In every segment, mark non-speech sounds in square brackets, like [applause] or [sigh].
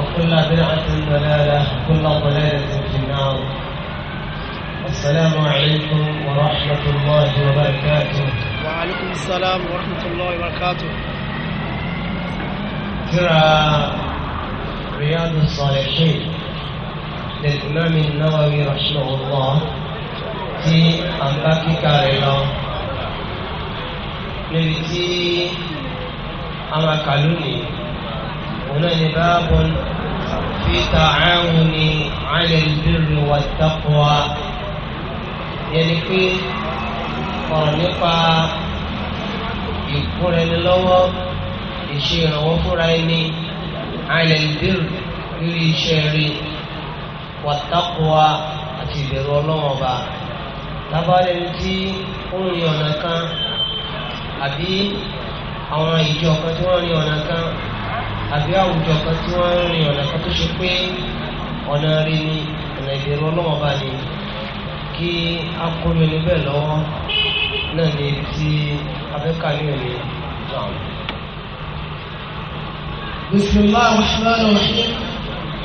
وكل بدعة ضلالة وكل ضلالة في النار السلام عليكم ورحمة الله وبركاته وعليكم السلام ورحمة الله وبركاته ترى رياض الصالحين للإمام النووي رحمه الله في أمباكي كاريلا نبتي أما كالوني òun náà ní báàbò fi ta'awuni 'ala al-birri wat-taqwa yẹni pé ọ̀rọ̀ nípa ìkúra ẹni lọ́wọ́ ìṣe ìrànwọ́ fúnra ẹni 'ala al-birri lórí iṣẹ́ rí wat-taqwa àti ìbẹ̀rù ọlọ́wọ́n ọba lábàárẹ̀ ní tí ó ń rin ọ̀nà kan àbí àwọn ìjọ kan tí wọ́n rin ọ̀nà kan àbí àwùjọ kan tí wọ́n ń rin ọ̀nà kan tó ṣe pé ọ̀nà rí ni ọ̀nà ìbẹ̀rù ọlọ́wọ́ bá ní kí a kóró ẹni bẹ́ẹ̀ lọ́wọ́ náà ní ti abẹ́ka ní òní náà. بسم الله الرحمن الرحيم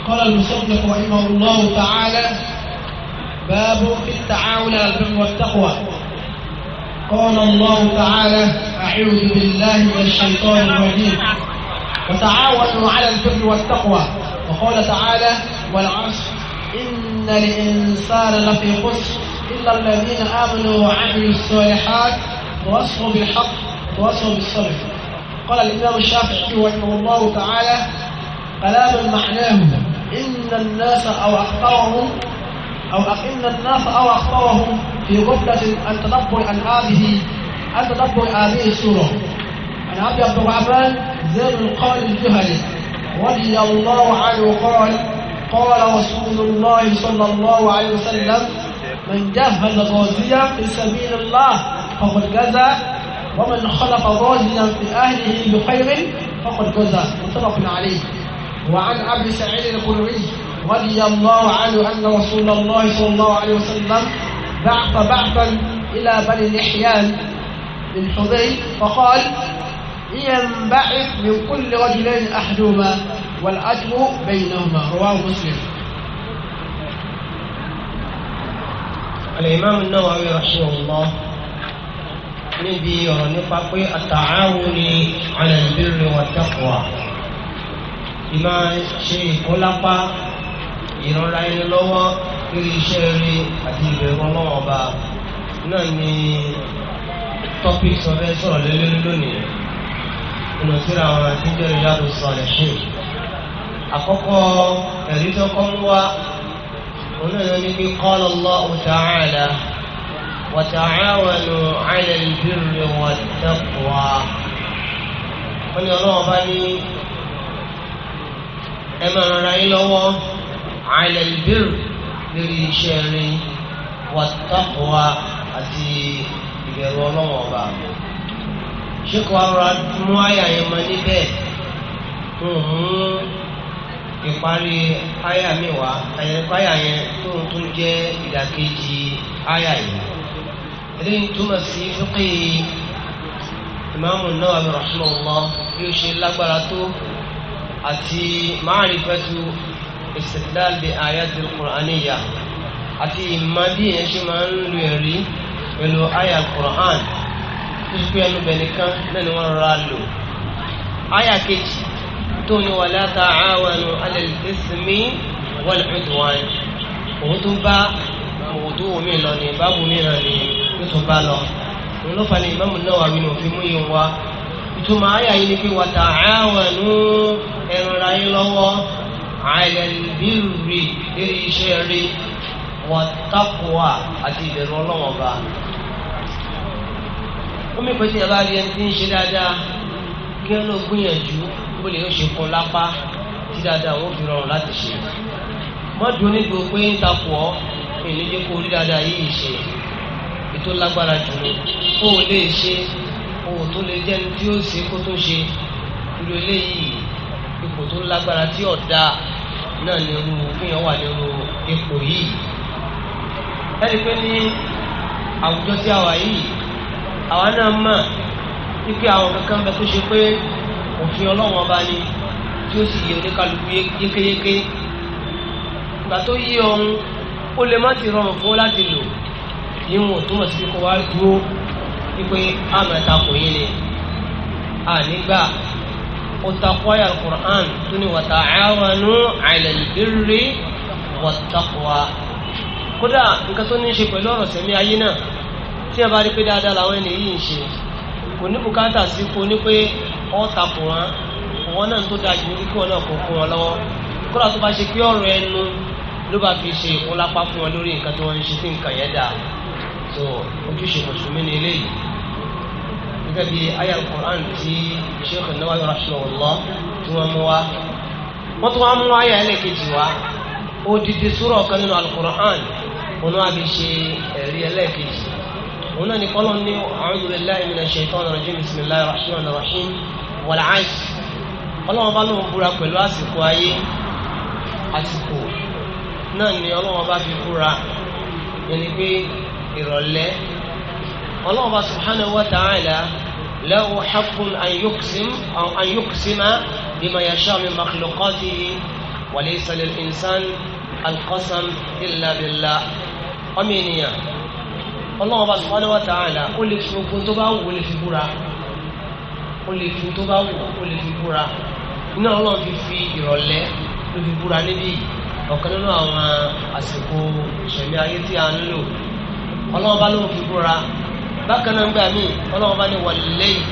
قال المصنف رحمه الله تعالى باب في التعاون على البر والتقوى قال الله تعالى أعوذ بالله من الشيطان الرجيم وتعاونوا على البر والتقوى وقال تعالى والعصر إن الإنسان لفي خسر إلا الذين آمنوا وعملوا الصالحات ووصفوا بالحق ووصفوا بالصبر قال الإمام الشافعي رحمه الله تعالى كلام معناه إن الناس أو أخطأهم أو إن الناس أو أخطأهم في غفلة عن تدبر عن هذه عن تدبر هذه السورة بن أبي عبد بن ذي القال الجهني رضي الله عنه قال قال رسول الله صلى الله عليه وسلم من جهز غازيا في سبيل الله فقد جزى ومن خلف غازيا في أهله بخير فقد جزى متفق عليه وعن أبي سعيد الخدري رضي الله عنه أن رسول الله صلى الله عليه وسلم بعث بعثا إلى بني الإحيان بالحذي فقال ينبعث من كل رجلين أحدهما والعدل بينهما رواه مسلم الإمام النووي رحمه الله نبي ونفق التعاون على البر والتقوى إما شيء كلفا ìrora ẹni lọ́wọ́ lórí iṣẹ́ rí àti ìbẹ̀rù ọlọ́wọ́ ọba náà ni tọ́pì sọ fẹ́ sọ̀rọ̀ lé lónìí nínú síra àwọn tí ń jẹ́ Riyadus Salihin. àkọ́kọ́ ẹ̀rí tó kọ́ ń wá onílẹ̀ ní bí qala Allahu ta'ala wa ta'awanu 'ala al-birri wat-taqwa. bá ní ẹ yín lọ́wọ́ 'ala lórí iṣẹ́ rẹ̀ wat-taqwa àti ìbẹ̀rù ọlọ́wọ́ ọba ṣékò ara mú àyà yẹn mọ níbẹ̀ mo mú ìparí àyà mi wá àyà yẹn tó ń tún jẹ́ ìdàkejì àyà yìí eléyìí túmọ̀ sí fúnkì ìmáàmù Nawawi rahimahullah bí ó ṣe lágbára tó àti ma'rifatu istidlal bi ayati al-Qur'aniyya àti ìmọ̀ bí yẹn ṣe máa ń lo ẹ̀rí pẹ̀lú àyà Qur'an gbogbo ẹnu bẹ̀ nìkan náà ni wọ́n rọra lò àyà kejì tó ní wala ta'awanu 'ala al-ithmi wal-'udwan òun tó bá òun tó wò mí lọ ní báwo mi ràn ní yóò tó bá lọ òun ló fa ní náà wà nínú òfin mú yín wá ìtumọ̀ àyà yìí ni pé wa ta'awanu ẹ̀rọ̀ra yín lọ́wọ́ 'ala al-birri iṣẹ́ rí wa àti ìbẹ̀rù ọlọ́wọ́ bá ó mú ìpèsè yẹn bá rí ẹni tí ń ṣe dáadáa kí ẹ lọ gbìyànjú bó lè yóò ṣe kọ lápá tí dáadáa wọn fi rọrùn láti ṣe mọ́dún nígbò pé ń takò ọ́ ìníjẹ́ kó rí dáadáa yìí ṣe ètò lágbára jù ní kó o lè ṣe kó o tó lè jẹ́ni tí ó ṣe kó tó ṣe irú eléyìí ipò tó lágbára tí ọ̀dà náà ní irú kéèyàn wà ní irú ipò yìí ẹni pé ní àwùjọ tí a wà yìí àwa náà mọ̀ wípé àwọn kankan bẹ tó ṣe pé òfin ọlọ́wọ́n ọba ni tí ó sì yẹ oníkàlùkù yékéyéké ìgbà tó yí ọ̀hún ó lè má ti rọrùn fún láti lò níwọ̀n tó mọ̀ sí kíkọ́ wá dúró wípé àmọ̀ ẹ̀takò yín ni ànígbà ó takọ́ ayà Al-Qur'an tó ní wa ta'awanu 'ala al-birri wat-taqwa kódà nǹkan tó ní í ṣe pẹ̀lú ọ̀rọ̀ sẹ́mi ayé náà tí ẹ bá rí pé dáadáa làwọn ẹni yìí ń ṣe kò ní bùkátà sí kò ní pé ọ̀ọ́ta kò wọ́n wọn náà tó dájú ní kí wọn náà kò fún wọn lọ́wọ́ kódà tó bá ṣe pé ọ̀rọ̀ ẹnu ló bá fi ṣe ìkún lápá fún wọn lórí nǹkan tí wọ́n ń ṣe sí nǹkan yẹn dáa so ojúṣe mùsùlùmí ni eléyìí gẹ́gẹ́ bí ayah Qur'an tí Sheikh Nawawi rahimahullah tí wọ́n mú wa wọ́n tún wá mú ayah ẹlẹ́kejì wa odidi súrọ̀ kan nínú al-Qur'an wọn wá fi ṣe ẹ̀rí ẹlẹ́kejì òun náà ni kọ́lọ́ ní a'udhu billahi minash shaitanir rajim bismillahir rahmanir rahim wal 'asr ọlọ́wọ́n bá lóun búra pẹ̀lú àsìkò ayé àsìkò náà ni ọlọ́wọ́n bá fi búra ẹni pé ìrọ̀lẹ́ ọlọ́wọ́n bá subhanahu wa ta'ala lahu haqqun an yuqsim aw an yuqsima bima yasha min makhluqatihi wa laysa lil ọmọ ènìyàn ọlọ́run bá subhanahu wa ta'ala ó lè fi ogun tó bá wù ó lè fi búra ó lè fi tó bá wù ó lè fi búra iná ọlọ́run fi fi ìrọ̀lẹ́ ló fi búra níbí ọ̀kan nínú àwọn àsìkò ìṣẹ̀lẹ̀ ayé tí a ń lò ọlọ́run bá ló fi búra bákan náà gbà mí ọlọ́run bá ní wà lẹ́yìn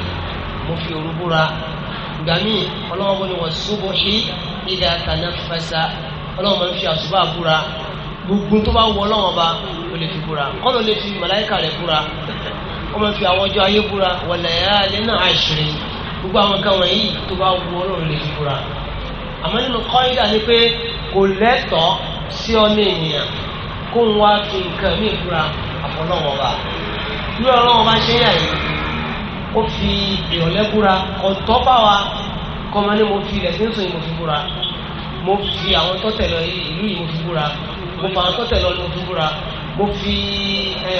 mo fi òru búra gbà mí ọlọ́run bá ní wà subuhi idha tanafasa ọlọ́run bá gbogbo tó bá wọ lọ́wọ́ ba o lè fi búra kọ́nà lè fi màláìka rẹ̀ búra wọ́n máa fi àwọn ọjọ́ ayé búra wọ̀lẹ̀ alẹ́ náà àṣírí gbogbo àwọn nǹkan wọ̀nyí tó bá wọ lọ́wọ́ lè fi búra àmọ́ nínú kọ́ńdà ni pé kò lẹ́tọ̀ọ́ sí ọ́nà ènìyàn kó ń wá fi nǹkan mí búra àfọlọ́wọ́ ba bí ọlọ́wọ́ bá ṣe yà yìí ó fi ìrọ̀lẹ́ búra ọ̀tọ́ bá wa kọ́mọ ní mo fi ilẹ̀ tí ń sọ yìí mo fi búra mo fi mo fà wọn tọ́tẹ̀ lọ ní ojú búra mo fi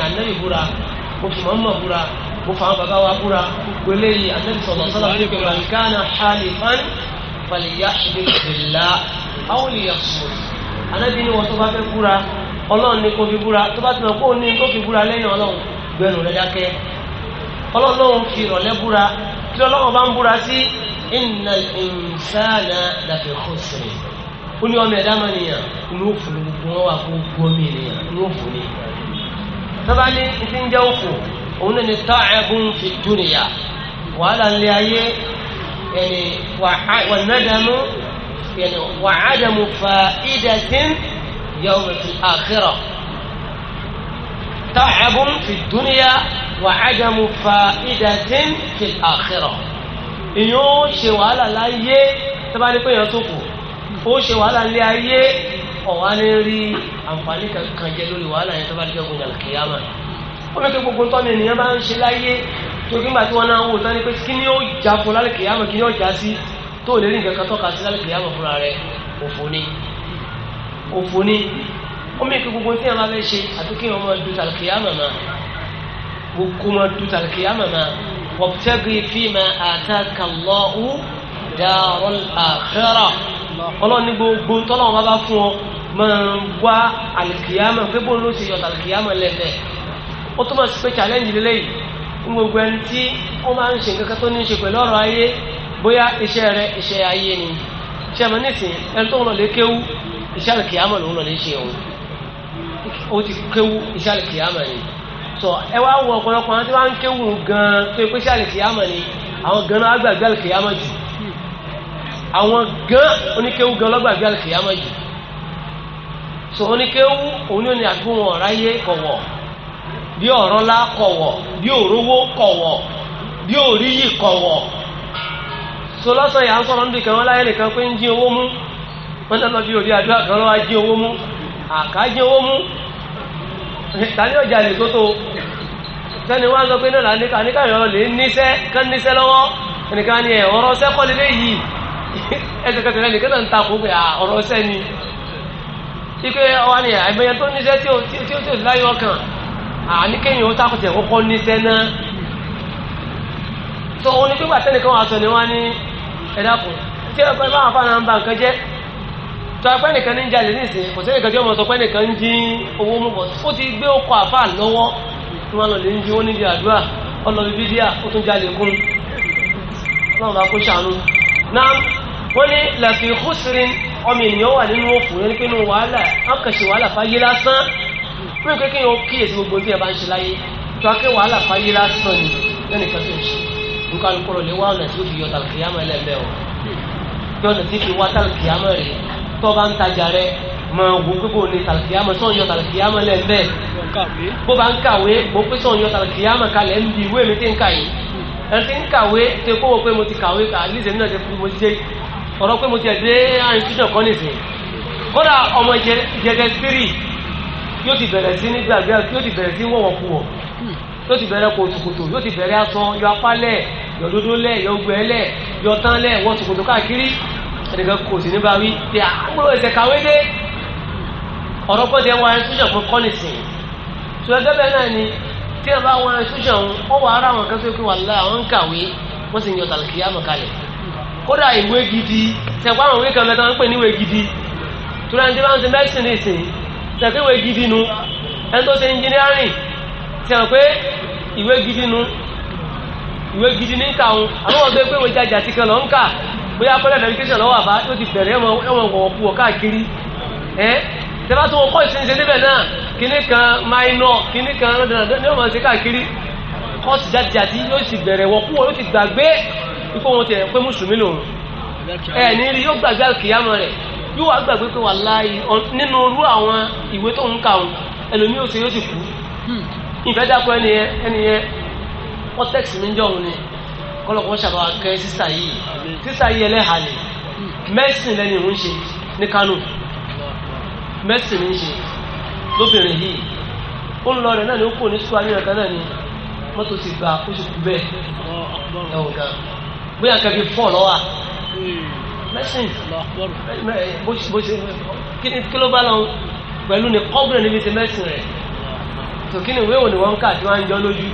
ànábì búra mo fi mọ́mọ́ búra mo fà wọn bàbá wa búra gbélé yìí ànábì sọ̀rọ̀ sọ́lá fún mi man kana halifan falyahliq billah aw liyasmut ànábì ni wọn tó bá fẹ́ búra ọlọ́run ni kò fi búra tó bá ti kó ní kó fi búra lẹ́yìn ọlọ́run gbẹ̀rù rẹ̀ dákẹ́ ọlọ́run fi ìrọ̀lẹ́ búra tí ọlọ́run bá ń búra sí innal insana lafi khusr ó ní ọmọ ẹ̀dá mọ̀nìyàn inú òfò wọn wà fún gbọ́mí ènìyàn inú òfò ni. sábà ní ti ń jẹ́ òfò òun náà ni ta'abun fi dunya wàhálà ńlẹ̀ ayé yẹni wànádàmú yẹni wàhádàmú fa'idatin yawm fil akhirah. ta'abun fi dunya wàhádàmú fa'idatin fil akhirah. ìyóò ṣe wàhálà láyé sábà ní pé yẹn tó kù. ó ṣe wàhálà lé ayé ọ̀wá lè rí àǹfààní kankan jẹ lórí wàhálà yẹn tó bá dẹ́gun ìdàlà kìyàmà ó lè tó gbogbo tọ́ni ènìyàn bá ń ṣe láyé tó kí n gbà tí wọ́n náà wò tán ni pé kí ni ó jà fún lálẹ́ kìyàmà kí ni ó jà sí tó lè rí nǹkan kan tọ́ka sí lálẹ́ fúnra òfò ni òfò ni ó gbogbo tí a máa fẹ́ ṣe àti darul Akhira. ọlọ́run ní gbogbo tọ́lọ́run bá bá fún ọ máa wá àlìkìyámà pé bóun ló ṣe yọ̀tà àlìkìyámà lẹ́lẹ̀ ó túmọ̀ sí pé challenge lélẹ́yìí ní gbogbo ẹni tí wọ́n máa ń ṣe nǹkan tó ní ṣe pẹ̀lú ọ̀rọ̀ ayé bóyá iṣẹ́ rẹ iṣẹ́ ayé ni iṣẹ́ mi nísìnyí ẹni tó ń lọ lé kéwú iṣẹ́ àlìkìyámà lòún lọ lé ṣe òun ó ti kéwú iṣẹ́ àlìkìyámà ni sọ ẹ wá wọ ọ̀pọ̀lọpọ̀ àwọn tí wọ́n á ń kéwú gan-an pé iṣẹ́ àlìkìyámà ni àwọn gan-an á gbàgbé àlìkìyámà jù àwọn gan oníkéwú gan lọ́gbàgbé àlùkìyàmọ́ yìí so oníkéwú òun ní àgbóhùn ọ̀ráyé kọ̀wọ̀ bí ọ̀rọ̀ ńlá kọ̀wọ̀ bí òrówó kọ̀wọ̀ bí òríyì kọ̀wọ̀ so lọ́sọ̀ yà ń sọ̀rọ̀ níbi kan wọn láyé nìkan pé ń jí owó mú wọn dáná bí òbí àdúrà kan lọ́wọ́ jí owó mú àká jí owó mú tani ọjà lè tó tó sẹ́ni wọ́n á sọ pé náà níkà níkà yọ̀ lè níṣẹ́ kán níṣẹ́ lọ́wọ́ ẹnìkan ni ẹ̀ ọ̀rọ̀ sẹ́kọ̀ọ́ lélẹ́yìí [laughs] ẹsẹ̀kẹsẹ̀ rẹ̀ nìkan a ń takò pé ọ̀rọ̀ ọ̀sẹ̀ ni ike ọwa ni àìmọye tó níṣẹ́ tí o tí o tí ó láyé ọkàn àní kéèyàn o takò tẹ̀ kọ́kọ́ na náà tó o ní pípa wà sọ ni wọ́n á ní ẹ̀dàkùn tí ẹ pẹ́ báwọn afáàná ń tó nìkan ní ń jalè sọ nìkan ń jí owó mú ti gbé tí lọ lè ń jí àdúrà wọ́n ní làfi húsirin ọmọ ènìyàn wà nínú òfò yẹn pé nínú wàhálà ọkàṣe wàhálà fáyé lásán wọ́n ní pé kí wọ́n kíyèsí gbogbo bí ẹ bá ń ṣe láyé tó a wàhálà fáyé lásán ni lẹ́nu ìfẹ́ tó ń ṣe nǹkan alukọ̀rọ̀ lè wá ọ̀nà tí ó fi yọ tàlùkìyàmọ̀ ẹlẹ́mẹ̀ o tí ó ń tajà rẹ̀ ni tàlùkìyàmọ̀ tó ń yọ tàlùkìyàmọ̀ lẹ́mẹ̀ bó bá ń kàwé mo pé tó ń yọ tàlùkìyàmọ̀ kalẹ̀ ń bi ìwé mi ọ̀rọ̀ pé mo ti ẹ̀dẹ́ institution kan nìsín kódà ọmọ ìjẹ̀dẹ̀ spirit yóò ti bẹ̀rẹ̀ sí ní gbàgbé yóò ti bẹ̀rẹ̀ sí wọ̀wọ̀ kú wọ̀ yóò ti bẹ̀rẹ̀ kòtòkòtò yóò ti bẹ̀rẹ̀ aṣọ yọ apálẹ̀ yọ dodo lẹ̀ yọ gbẹ lẹ̀ yọ tán lẹ̀ wọ́n tòkòtò káàkiri ẹnìkan kò sí níbà wí pé àgbọ̀rọ̀ ẹ̀sẹ̀ kàwé dé ọ̀rọ̀ pé ẹ̀ wọ institution kan kọ́ nìsín tí ẹ bá wọn institution kódà ìwé gidi tẹ̀kọ́ àwọn ìwé kan mẹ́ta ń pè ní ìwé gidi tó rẹ̀ ń jẹ́ bá ń ṣe mẹ́sìn nìsín ìwé gidi nu ẹni tó ṣe engineering tẹ̀wọ̀n pé ìwé gidi nu ìwé gidi ní kà ń àwọn ọ̀gbẹ́ pé ìwé jajà ti kan lọ ń kà bóyá pẹ́lẹ́ medication lọ́wọ́ àbá tó ti bẹ̀rẹ̀ ẹ̀wọ̀n wọ̀wọ̀ kú káàkiri ẹ́ tẹ́bá tó wọ́n kọ́ ìsinsin níbẹ̀ náà kíní kan minor kíní kan ní ọmọ ṣe káàkiri kọ́ọ̀sì jáde àti yóò sì bẹ̀rẹ̀ wọ̀ kú ló ti gbàgbé ikú wọn tẹ̀ pé mùsùlùmí lòun ẹ̀ ní rí yóò gbàgbé àkìyàmọ̀ rẹ̀ yóò wá gbàgbé pé wàláhì nínú irú àwọn ìwé tó ń kà wọn ẹlòmí ò sí yóò sì kú ìfẹ́ dákọ̀ ẹni yẹn ẹni yẹn wọ́n tẹ́kisì mi ń jọ òun ni kọ́lọ́kọ́ ṣàbáwá kẹ́ sísà yìí sísà yìí ẹlẹ́hàlẹ̀ mẹ́sìn lẹ́ni òun ṣe ní Kánò mẹ́sìn ní ṣe lóbìnrin yìí ó ń lọ rẹ̀ náà ni ó kò ní sùn àníyàn kan náà ni mọ́tò ti gbà ó sì kú bẹ́ẹ̀ ẹ̀wọ̀n gan-an bóyá nǹkan bíi fọ́ọ̀ lọ́wọ́ hmm. mẹ́sìn bó ṣe kí ló bá lọ pẹ̀lú ní kọ́bùrẹ̀ níbi ti mẹ́sìn rẹ̀ tó kí ni ìwé òní wọn kà tí wọ́n ń jọ lójú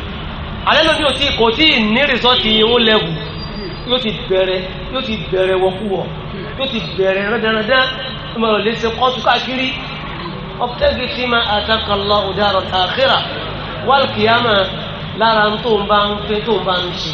alẹ́ lójú ò tí kò tí ì ní rìsọ́ọ̀tì ìhun lẹ́wù yóò ti bẹ̀rẹ̀ yóò ti bẹ̀rẹ̀ wọkúwọ̀ yóò ti bẹ̀rẹ̀ rẹ́dẹ́rẹ́dẹ́ ọmọ ìrọ̀lẹ́ ṣe kọ́tù káàkiri ọ̀pẹ́gì tí ma àtàkànlọ ọ̀daràn àkírà wal kiyama lára tó ń bá ń fẹ́ tó ń bá ń ṣe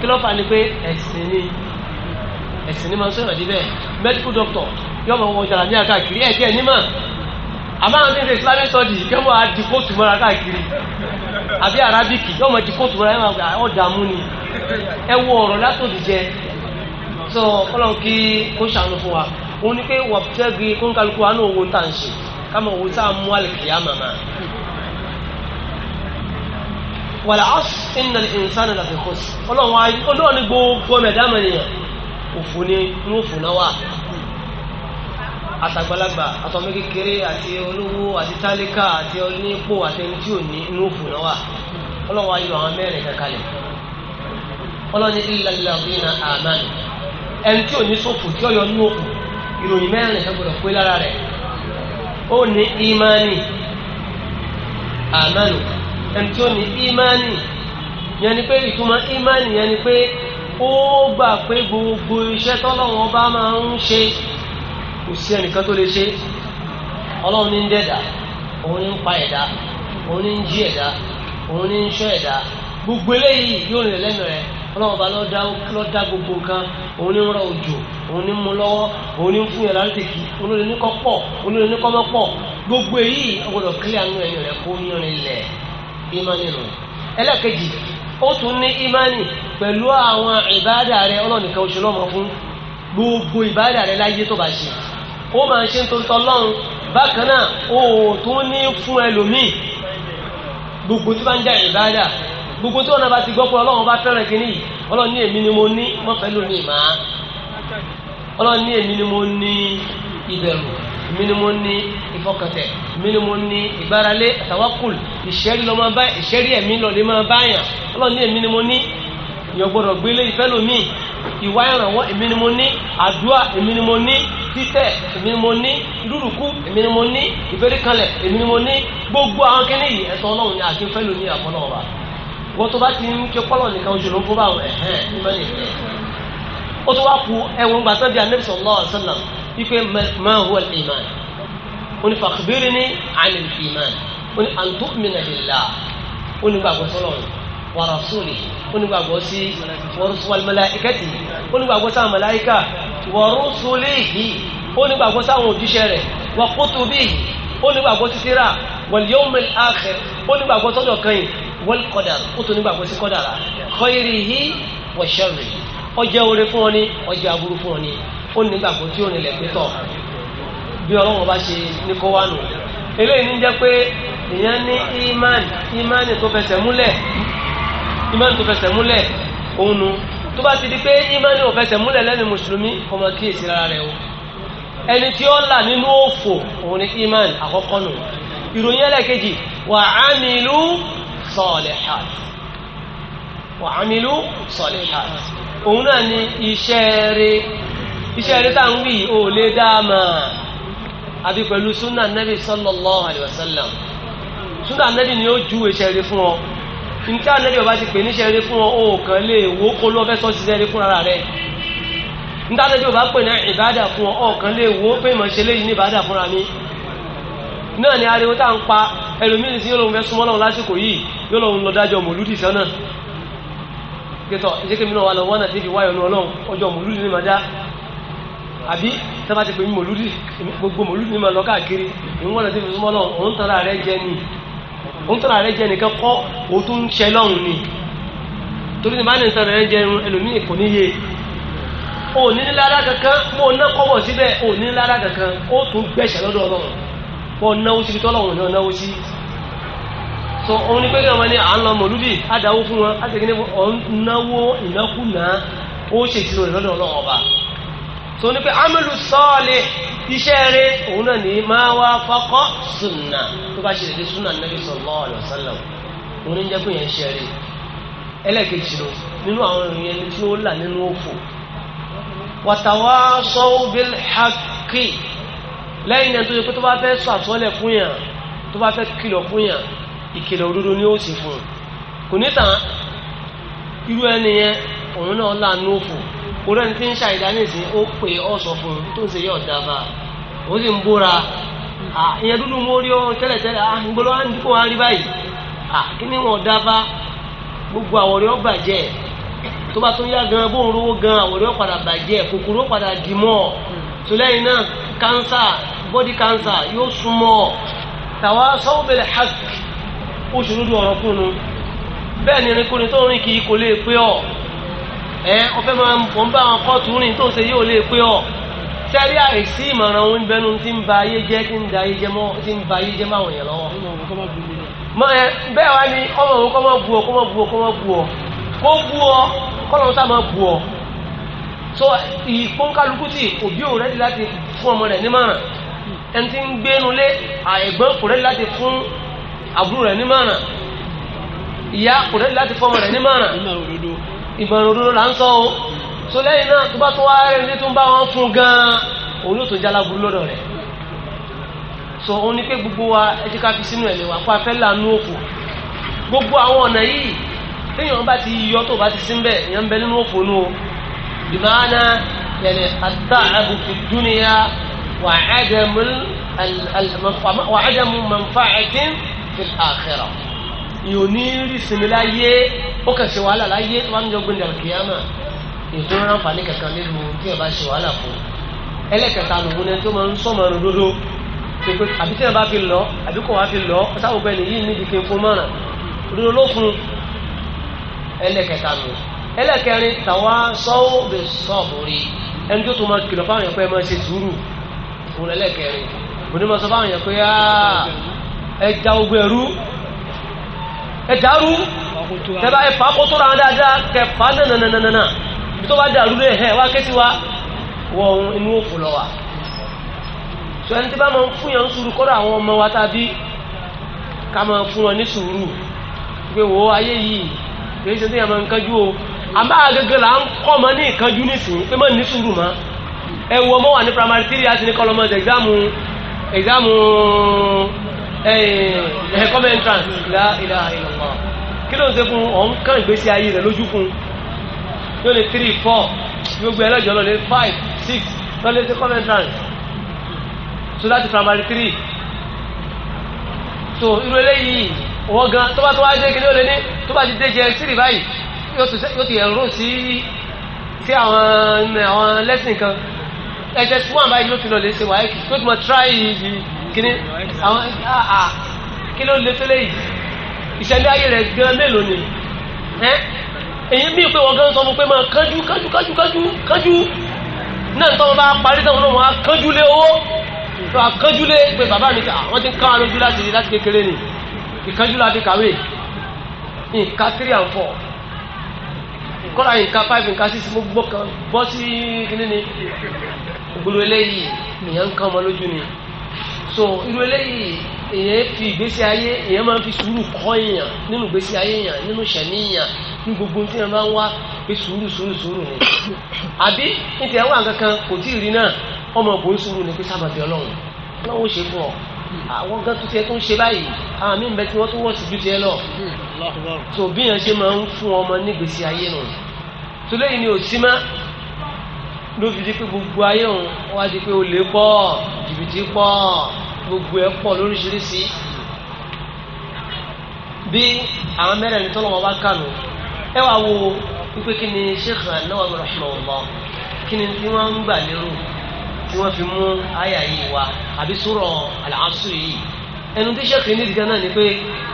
kí ló fà ní pé ẹ̀sìn ni ẹ̀sìn ni máa ń sọ̀rọ̀ díbẹ̀ medical doctor yóò máa wọ ọ̀jàlá ní àkàkiri ẹ̀ díẹ̀ nímọ̀ àmọ́ àwọn ọdún islamic study kí wọ́n á di kóòtù mọ́ra káàkiri àbí arabic yóò máa di kóòtù mọ́ra ẹ̀ wọ́n dààmú ni ẹ wo ọ̀rọ̀ látòdì jẹ sọ ọlọ́run kí kó ṣàánú fún wa òun ni pé wọ́n fẹ́ gbé kóńkálukú wa náà owó ń tà ń ṣe ká máa owó tá a mú àlè kìyà màmá wàlá ọ́sù iná ìsáni lọ́fẹ̀ kò sí ọlọ́run ayé ọlọ́run ní gbogbo mẹ̀dámẹ̀ nìyẹn òfò ni ní òfò náà wà àtàgbàlagbà àtọmọ kékeré àti olówó àti tálíkà àti onípò àti ẹni tí ò ní ní òfò náà wà ọlọ́run ayé àwọn mẹ́rin kankalẹ̀ ọlọ́run ilẹ̀ lọ́gbìnà àmàn ẹni tí ò ní sófò tí ọyọ ní òkú ìròyìn mẹ́rin kan gbọdọ̀ pé lára rẹ̀ ó ní ìmánì àmánù ẹni tí ó ní ìmánì yẹn ni pé ìtumọ̀ ìmánì yẹn ni pé ó gbà pé gbogbo iṣẹ́ tọ́lọ́wọ́n bá máa ń ṣe kò sí ẹnìkan tó lè ṣe ọlọ́run ní ń dẹ̀dà òun ní ń pa ẹ̀dá òun ní ń jí ẹ̀dá gbogbo eléyìí yóò rìn lẹ́nu rẹ̀ ọlọ́run bá lọ́ gbogbo nǹkan òun ní ń rọ òjò òun ní ń mu lọ́wọ́ òun ní ń fún gbogbo èyí ọgbọ́dọ̀ ìmánì nù ẹlẹ́ẹ̀kejì ó tún ní ìmánì pẹ̀lú àwọn ìbáàdà rẹ ọlọ́nìkan oṣù lọ́mọ fún gbogbo ìbáàdà rẹ láyé tó bá ṣe ó máa ń ṣe ń tontọ́ lọ́run bákan náà ó tún ní fún ẹlòmíì gbogbo tí bá ń jẹ́ ìbáàdà gbogbo tí wọn bá ti gbọ́ pé ọlọ́run bá fẹ́ràn kínní yìí ọlọ́run èmi ni mo ní mọ́fẹ́lú ní ìmá ọlọ́run èmi ni mo ní ìbẹ̀rù Minimoni ni minimoni ibarale ìfọkàntẹ̀ mi ni mo ní ìgbáralé àtàwákùl ìṣẹ́rí lọ́mọ bá ìṣẹ́rí ẹ̀mí lọ́lẹ́ máa báyàn ọlọ́ọ̀ni èmi ni mo ní èèyàn gbọ́dọ̀ gbélé ìfẹ́ lomi ìwà ìrànwọ́ èmi ni mo ní àdúrà èmi ni mo ní títẹ̀ èmi ni mo ní lúrùkú èmi ni mo ní ìfẹ́ríkanlẹ̀ èmi ni gbogbo àwọn kẹ́lẹ́ yìí ẹ̀tọ́ ọlọ́run ni àti ìfẹ́ lomi àkọ́nà ọ̀bà wọ́n ti ń ké kọ́lọ̀ nìkan ojú ló ń kó bá àwọn ẹ̀hẹ́n ní mẹ́rin ìfẹ́ ó tó wá ku ẹ̀wọ̀n gbàtọ́ bíi anẹ́bísọ̀ ife ma huwa al-iman oni fakhbirni ani al-iman oni an tu'mina billah oni gbàgbọ́ sọlọ́run wa rasulihi oni gbàgbọ́ sí wal malaikati oni gbàgbọ́ sáwọn malaika wa rusulihi oni gbàgbọ́ sáwọn òjíṣẹ́ rẹ̀ wa kutubihi oni gbàgbọ́ sí tírà wal yawmil akhir oni gbàgbọ́ sọ́jọ́ kan yìí wal qadar ó tún ní gbàgbọ́ sí qadara khairihi wa sharrihi ọjọ́ oore fún ọ ní ọjọ́ fún ọ ó nígbàgbọ́ tí ó nílẹ̀ pétọ̀ bí ọlọ́run bá ṣe ní kó wà nù eléyìí ní jẹ́ pé èèyàn ní imani imani tó fẹsẹ̀ múlẹ̀ imani tó fẹsẹ̀ múlẹ̀ òun nu tó bá ti di pé imani ò fẹsẹ̀ múlẹ̀ lẹ́nu mùsùlùmí ọmọ kíyèsí rárá rẹ o ẹni tí ó là nínú òfò òun ni imani àkọ́kọ́ nù ìròyìn ẹlẹ́ẹ̀kejì wà á nílùú salihat wà á nílùú salihat òun náà ni iṣẹ́ rẹ̀ iṣẹ́ eré tá à ń wí ò lè dá a mọ̀ àbí pẹ̀lú súnà nẹ́bí sallallahu alaihi wasallam súnà nẹ́bí ni ó ju iṣẹ́ eré fún ọ nítí ànẹ́bí ọba ti pè níṣẹ́ eré fún ọ ò kàn lè wó kó ló fẹ́ sọ ṣiṣẹ́ eré fúnra rẹ nítí ànẹ́bí ọba pè ní ìbádà fún ọ ò kàn lè wó pé ìmọ̀ ṣe léyìn ní ìbádà fúnra mi náà ni ariwo tá à ń pa ẹlòmíràn sí yóò lòun fẹ́ súnmọ́ lọ́wọ́ lásìkò yìí yóò lòun lọ dájọ́ mòlúdì sọ́nà kẹtọ̀ ìṣẹ́kẹ́mi náà wà lọ́wọ́ náà ti fi wáyọ̀ ní ọlọ́run ọjọ́ mòlúdì ní màdá àbí sábà ti pè mí mòlúdì gbogbo mòlúdì mi máa lọ káàkiri ìwọ́n lọ sí ìfisúmọ́ lọ òun tọ́ra rẹ jẹ ni òun tọ́ra rẹ jẹ nìkan kọ́ òun ṣẹ lọ́hùn ni torí ní bá ní ìtọ́ra rẹ irun ẹlòmíì kò níye ò ní lára kankan mo ná kọ́bọ̀ síbẹ̀ o ní lára kankan o tún gbẹ̀ṣẹ̀ lọ́dọ̀ ọlọ́run kó náwó síbi tọ́lọ́run náà náwó so òun ni pé kí wọn ní à ń lọ mòlúdì á dáwó fún ó ṣèṣirò lọ́dọ̀ ọlọ́run ọba tó ní pé amúlù sọ́ọ̀lì iṣẹ́ rẹ̀ òun náà ní máa wá fọ́kọ́ sùnà tó bá ṣe dédé sùnà nàbí sallallahu alaihi wasallam òun ní jẹ́ pé yẹn ṣe rẹ̀ ẹlẹ́ẹ̀kejì ló nínú àwọn èèyàn tí ó là nínú òfò watawasaw bil haqqi lẹ́yìn náà tó yẹ pé tó bá fẹ́ sọ àsọ́lẹ̀ fún yàn tó bá fẹ́ kìlọ̀ fún yàn ìkìlọ̀ òdodo ni ó sì fún un kò ní tàn irú ẹni yẹn òun náà là nínú òfò orí ẹni tí ń ṣe àìdá nísìnyí ó pè ọ́ sọ fún un tó ń ṣe yọ̀ dábàá ó sì ń iye ìyẹn dúdú mo rí ọ tẹ́lẹ̀tẹ́lẹ̀ à ń gbọ́dọ̀ á wa rí báyìí à kí ni gbogbo àwọ̀rẹ́ ọ bàjẹ́ tó bá tún yá gan bóun rówó gan àwọ̀rẹ́ padà bàjẹ́ kòkòrò padà dì mọ́ tùlẹ́yìn náà kánsà kánsà yóò súnmọ́ tàwa sọ́wọ́ bẹ̀rẹ̀ ẹ ọfẹ́ máa ń bá àwọn kọ́ọ̀tù rìn tó ń ṣe yóò lè pé ọ sẹ́rí àìsí ìmọ̀ràn òun bẹnu tí ń ba ayé jẹ́ tí ń da ayé jẹ́ mọ́ tí ń ba ayé jẹ́ máwọn èèyàn lọ́wọ́. mọ ẹ bẹ́ẹ̀ wá ní ọmọ òun kọ́ mọ́ bu ọ kọ́ mọ́ bu ọ kọ́ mọ́ bu ọ kó bu ọ kọ́ lọ́wọ́ sáà mọ́ bu ọ. sọ ìfọ́nkálukú tí òbí òun rẹ́dí láti fún ọmọ rẹ̀ nímọ̀ràn ẹni tí ń gbénu lé àìgbọ́n kò rẹ́dí láti fún àbúrò rẹ̀ nímọ̀ràn ìyá kò rẹ́dí láti fún ọmọ rẹ̀ nímọ̀ràn ìbẹ̀rù òdodo là ń sọ o so lẹ́yìn náà tó bá tó wá rẹ̀ ní tó ń bá wọn fún gan-an òun yóò tó jẹ́ aláburú lọ́dọ̀ rẹ̀ so òun ni pé gbogbo wa ẹ jẹ́ ká fi sínú ẹ̀mí wa kó a fẹ́ lànú òfò gbogbo àwọn ọ̀nà yìí téèyàn bá ti yọ tó bá ti sí mbẹ́ èèyàn ń bẹ nínú òfò nù o ìmáàna yẹn àtàlù fi dúnìyà wà ájẹmú manfaatin fi àkhírà ìyò ní rí sinmi láyé ó kàn ṣe wàhálà láyé tó bá ń jọ gbẹ̀ndẹ̀ kìyàmà ètò ránfààní kankan nínú tí ẹ bá ṣe wàhálà fún ẹlẹ́kẹta lòun ẹni tó máa ń sọ̀mọ́ ọ̀run dódó pé àbí tí ẹ bá fi lọ àbí kò wá fi lọ sáwọn ọgbẹ́ nìyí níbi kí n fún mọ́ràn òdodo ló fún ẹlẹ́kẹta lò ẹlẹ́kẹrin tàwa sọ́ọ́ bẹ sọ́ọ̀bù rí ẹni tó tó máa kìlọ̀ fáwọn yẹn ẹ máa ṣe sùúrù òun ẹlẹ́kẹrin òní sọ fáwọn yẹn pé ẹ ogun ẹrú ẹ dàrú tẹ́bá ẹ fà kótó ra dáadáa kẹ fà bí tó bá lé ẹ wa wọ wa ẹni tí bá wa tàbí ká máa fún ní sùúrù pé ayé yìí kìí ṣe tí yàn máa ń o àmọ́ àgẹ́gẹ́ là ń kọ́ ọmọ ní nísìnyí pé ní sùúrù mọ́ ẹ ọmọ ní primary three àti ní ẹ̀ẹ́n eh, eh, common entrance la ilaha illallah kí ló ń ṣe fún ọ̀n kán ìgbésí ayé rẹ̀ lójú fún yóò lè three four gbogbo ẹlẹ́jọ́ lọ lè five six lọ lè ṣe common entrance so láti primary three so irú eléyìí wọ́n gan tó bá tó wá dé kí ló lè ní tó bá ti dé jẹ three báyìí yóò ti ẹ̀rọ sí sí àwọn àwọn lẹ́sìn kan ẹ̀jẹ̀ tí wọ́n báyìí ló ti lọ lè ṣe wáyé tó ti mọ try yìí kíní àwọn àà ah, ah, kí ló lè tẹ́lẹ̀ yìí ìṣẹ̀lẹ̀ ayé rẹ̀ gan mélòó ni ẹ́ èyí bí pé wọ́n gan sọ fún pé máa kánjú kánjú kánjú kánjú kánjú náà ní tọ́wọ́ bá parí tọ́wọ́ náà wọ́n kánjú lé owó tó a kánjú lé pé bàbá mi ah, wọ́n ti ń ká lójú láti láti kékeré ni ìkánjú láti kàwé nǹkan three and four kọ́lá nǹkan five nǹkan six mo gbọ́ kan bọ́ sí kíní ni gbolo eléyìí nìyẹn ń kán ọmọ lójú ni so irú eléyìí èyẹ fi ìgbésí ayé èyẹ máa fi sùúrù kọ́ èèyàn nínú ìgbésí ayé èèyàn nínú ìṣẹ̀mí èèyàn ní gbogbo tí wọn máa ń wá pé sùúrù sùúrù sùúrù ni àbí ní tiẹ̀ wà kankan kò tí ì rí náà ọmọ kò ń sùúrù ni pé sábàbí ọlọ́run ọlọ́run ó ṣe fún ọ àwọn gan tó tiẹ̀ tó ń ṣe báyìí àwọn míì ń bẹ tí wọ́n tó wọ̀ sí ju lọ so bí yẹn ṣe máa ń fún ọmọ nígbèsí ayé nù tó lẹ́yìn ni ò sí má ló fi di pé gbogbo ayé òun wá di pé olè pọ̀ jìbìtì pọ̀ gbogbo ẹ̀ pọ̀ lóríṣiríṣi bí àwọn mẹ́rẹ̀ẹ̀rin tó lọ́wọ́ bá kànú ẹ wá wo wípé kí ni Sheikh An-Nawawi rahimahullah kí ni tí wọ́n ń gbà lérò tí wọ́n fi mú àyà yìí wá àbí sura al-Asr yìí ẹnu tí Sheikh ní ìdíkan náà ni pé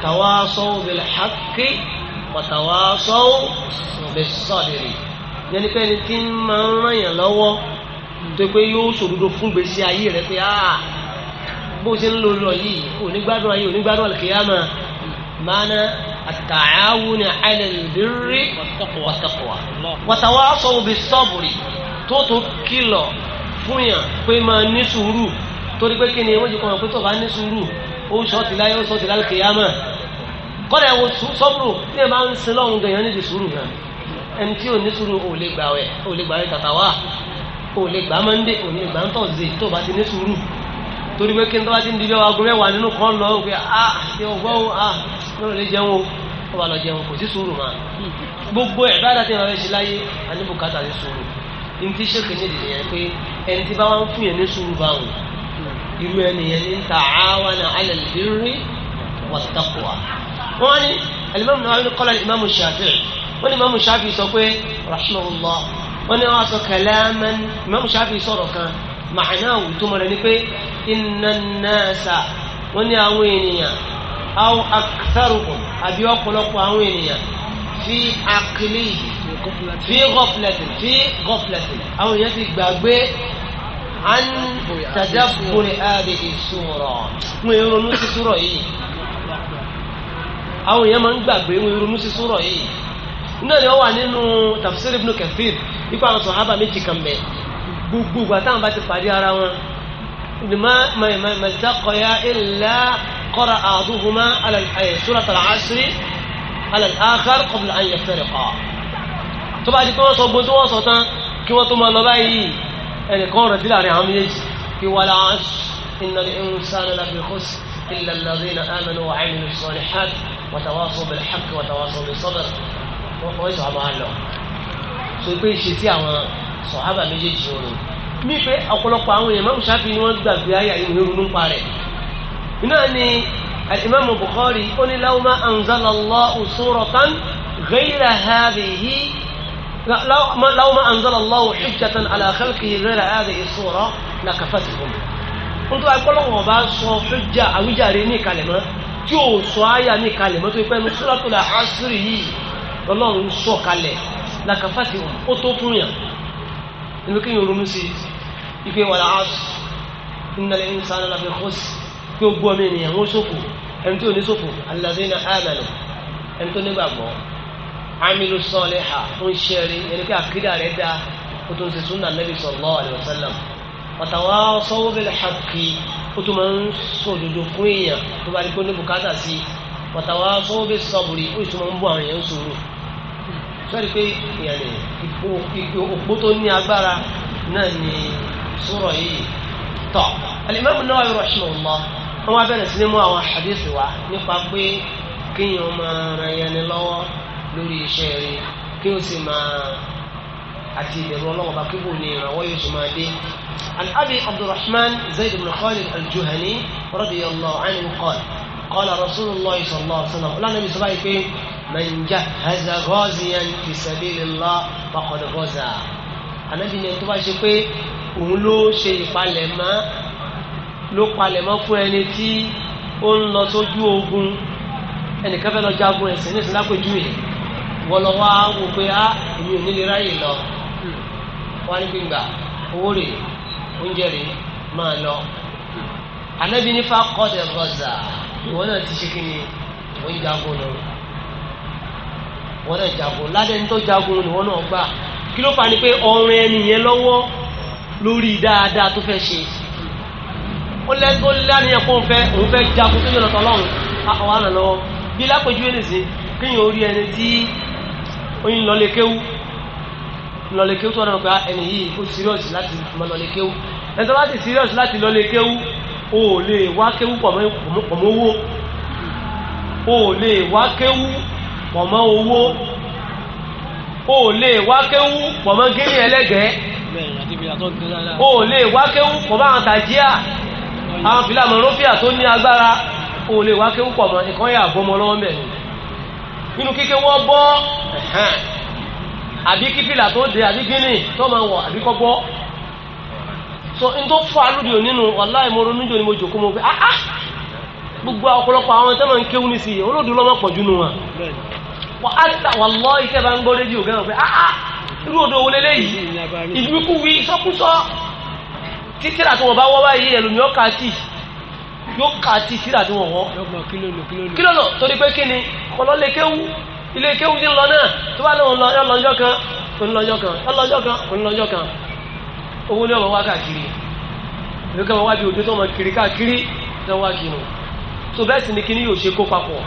tawasaw bil haqqi wa tawasaw bis sabri yẹn ni pé ẹni tí ń máa ń ràn yàn lọ́wọ́ tó pé yóò ṣòdodo fún gbèsè ayé rẹ pé áà bó ṣe ń lò lọ yìí onígbádùn ayé onígbádùn àlùkìyàmà mana àtàáwùn ala albirri wattaqwa watawasaw bis-sabri tó tó kìlọ̀ fún yàn pé máa ní sùúrù torí pé kí ni wọ́n ti kọ́ wọn pé tó bá ní sùúrù ó sọ́ọ̀tì láyé ó sọ́ọ̀tì láyé kìyàmà kọ́dà ẹ̀wọ̀ sọ́bùrù tí ẹ máa ń sin lọ́hùn gan yẹn sùúrù gan ẹni tí ò ní sùúrù ò lè gbà wẹ̀ ò lè gbà wẹ̀ tàtàwà ò lè gbà mọ́ndé ò lè gbà ń tọ̀sí torí pé kí n tọ́wá ti ń di bí ọgọ́ mẹ́wàá nínú kan lọ pé a ah, ṣe ọgbọ́n o a ah, lọ́rọ̀ lè jẹun o ó bá lọ jẹun kò sí sùúrù máa gbogbo ẹ̀ bá dàtí ìrànlọ́wọ́ ṣe láyé àníbùkátà ní sùúrù ní ti ṣèkè ní ìdìbò yẹn pé ẹni tí bá wá ń fún yẹn ní sùúrù bá wù irú ẹni yẹn ní ta àwa na alẹ́ lórí wàtàkùwà. wọ́n ní alimami náà wọ́n kọ́lá imamu shafi'i wọ́n ní imamu shafi'i sọ pé rahmanulah wọ́n ní wọ́n sọ kẹlẹ́mẹ́n màánáwù tó mọ̀ rẹ̀ ni pé inna nasa wọ́n ní àwọn ènìyàn aw aktharukum àbí ọ̀pọ̀lọpọ̀ àwọn ènìyàn fi akili fi gọ́fìlẹ̀tìn fi gọ́fìlẹ̀tìn àwọn èèyàn ti gbàgbé an tadabburi hadhihi sura wọn èrò ní ti sura yìí àwọn èèyàn máa ń gbàgbé wọn èrò ní ti sura yìí náà ni wọ́n wà nínú tafsir ibn kathir nípa àwọn sọ̀hábà méjì kan bẹ́ẹ̀. gbogbo ìgbà táwọn bá ti pàdé ara wọn mẹ̀tàkọ̀yà ilà kọ́ra àdúgbòmá alàlàyẹ̀sọ́lá àṣírí alàlàákàr kọ̀bùlà àyẹ̀ fẹ́rẹ̀ kọ́. tó bá di pé wọ́n sọ gbogbo tí wọ́n sọ tán kí wọ́n tó máa lọ báyìí ẹnìkan rẹ̀ sí láàrin àwọn méjèèjì kí wọ́n lọ iná ní ìrúnsánà láti kọ́sì ilà làdínà àmàlù wà áìmì sọ̀rọ̀ hàd wàtàwàsọ̀ bẹ̀rẹ̀ hàkì wàtàwàsọ̀ bẹ̀rẹ̀ sọ́bẹ̀rẹ̀ wọ́n fọwọ́ ìṣọ̀ àbọ̀ àlọ́ sọ̀hábà méjèèjì òru mí pé ọ̀pọ̀lọpọ̀ àwọn èèyàn mọ́mú sáfì ni wọ́n gbàgbé ayé àyè ìwé ronú pa rẹ̀ iná ni alimami Bukhari ó ní law ma anzalallahu suratan ghayra hadhihi law ma anzalallahu hujjatan ala khalqihi ghayra hadhihi sura lakafatuhum nítorí akpọ́lọ́wọ́ ọba sọ hujja àwíjàre ní ìkàlẹ̀ mọ́ tí ò sọ àyà ní ìkàlẹ̀ mọ́ tó ipẹ́ nu suratul yìí lọ́lọ́run sọ kalẹ̀ lakafatuhum ó tó fún yàn ìwé kéèyàn ronú sí ife wàlá áàsù innal insana lafi khusr kí ó gbọ́ mi ènìyàn wọ́n ṣòfò ẹni tí ò ní ṣòfò allazina amanu ẹni tó nígbàgbọ́ amilu saliha ó ń ṣe rí ẹni pé àkídà rẹ̀ dá ó tún ṣe súnà nabi sallallahu alaihi wasallam watawasaw sọ́ọ́rí pé ìyànnì òpó tó ní agbára náà ni sọ̀rọ̀ yìí tọ̀ alimami náà yọrọ ṣe wọn lọ wọn wá bẹ̀rẹ̀ sí ní mú àwọn hadith wa nípa pé kéèyàn máa ran yanni lọ́wọ́ lórí iṣẹ́ rẹ̀ kí o sì máa àti ìbẹ̀rù ọlọ́wọ́ bá kíkù ní ìrànwọ́ yóò sì máa dé. an abi abdulrahman zayd ibn khalid al-juhani radiyallahu anhu qala qala rasulullahi sallallahu alaihi wasallam ọlọ́run níbi sọ báyìí pé man jahhaza ghaziyan fi sabilillah faqad ghaza ànábì ni tó bá ṣe pé òun ló ṣe ìpalẹ̀mọ́ ló palẹ̀mọ́ fún ẹni tí ó ń lọ sójú ogun ẹnìkan fẹ́ lọ jagun ẹ̀sìn ní ìsìnlá pẹ̀jú yìí wọ́n lọ wá wò pé á ah, èmi ò nílera yìí lọ hmm. wọ́n á ní gbígbà owó rèé oúnjẹ rèé máa lọ ànábì nífa kọ́ dẹ̀ ghaza ìwọ náà ti ṣe kí ni wọ́n jagun lọ wọ́n náà jagun ládẹ́ni tó jagun ni wọ́n náà gbà kí ló fà ní pé ọrùn ẹni yẹn lọ́wọ́ lórí dáadáa tó fẹ́ ṣe ó lánìyàn kó fẹ́ òun fẹ́ jagun tó yẹ lọ́tọ̀ ọlọ́run àwọn àna lọ́wọ́ bí lápẹjú ẹni sí kéèyàn orí ẹni tí oyin lọlé kéwú lọlé kéwú tó wà náà pé ah, ẹni yìí kó serious láti lọlé kéwú ẹni tó bá ti serious láti lọlé kéwú o lè wá kéwú pọ̀mọ́ owó o lè wá kéwú pọ̀mọ́ owó o lè wá kéwú pọ̀mọ́ gíní ẹlẹ́gẹ̀ẹ́ o lè wá kéwú pọ̀mọ́ àwọn tàjíà àwọn fìlà mọ̀rọ́fíà tó ní agbára o lè wá kéwú pọ̀mọ́ ìkan yà bọ́mọ lọ́wọ́ mẹ́rin nínú kíké wọ́n bọ́ àbí kífìlà tó dé àbí gíní tó máa wọ̀ àbí kọ́ bọ́ tó n tó fọ alóde onínú wàláì mo ronú jò ní mo jòkó mo pé ah ah gbogbo ọ̀pọ̀lọpọ̀ àwọn tẹ́lọ̀ ń kéwú nísìnyí olóòdù lọ́mọ pọ̀jù nù wọn wọ́n á ta ah ah irú odò wo leléyìí ìwíkúwí sọ́kúsọ́ títírà tí wọ́n bá wọ́ báyìí ẹlòmíọ́ kà á tì yóò kà á tì títírà ilé kéwú ti lọ náà tó bá lóun lọ kan òun lọ́jọ́ kan owó ní ọmọ wá káàkiri ìlú kẹwàá wájú òde tó mọ kiri káàkiri náà wá kiri so bẹ́ẹ̀ sì ni kí ni yóò ṣe kó papọ̀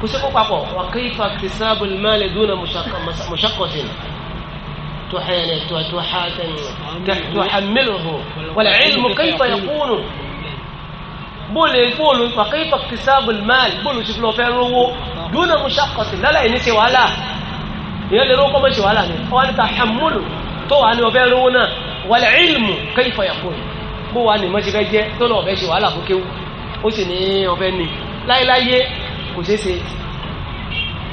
kó ṣe kó papọ̀ wà kí fàkìsáàbù mẹ́lẹ̀ dúnà mọ̀ṣàkọ̀tì tùhàmìlùhù wàlẹ̀ ìlmù kí fàyẹ̀kúnù bóòlù fóòlù mẹ́lẹ̀ dúnà mọ̀ṣàkọ̀tì lálẹ́ ìní ṣe wàhálà ìyẹn lè ṣe wàhálà ni wọ́n ti tàhàmúlù tó wà ní ọ̀fẹ́ rówó náà wàlẹ̀ ìlmù kayfa yakun bó wà ní mọ́ṣẹ́fẹ́ jẹ́ tó lọ́wọ́ fẹ́ ṣe wàhálà fún kéwù ó sì ní ọ̀fẹ́ ni láéláyé kò ṣeé ṣe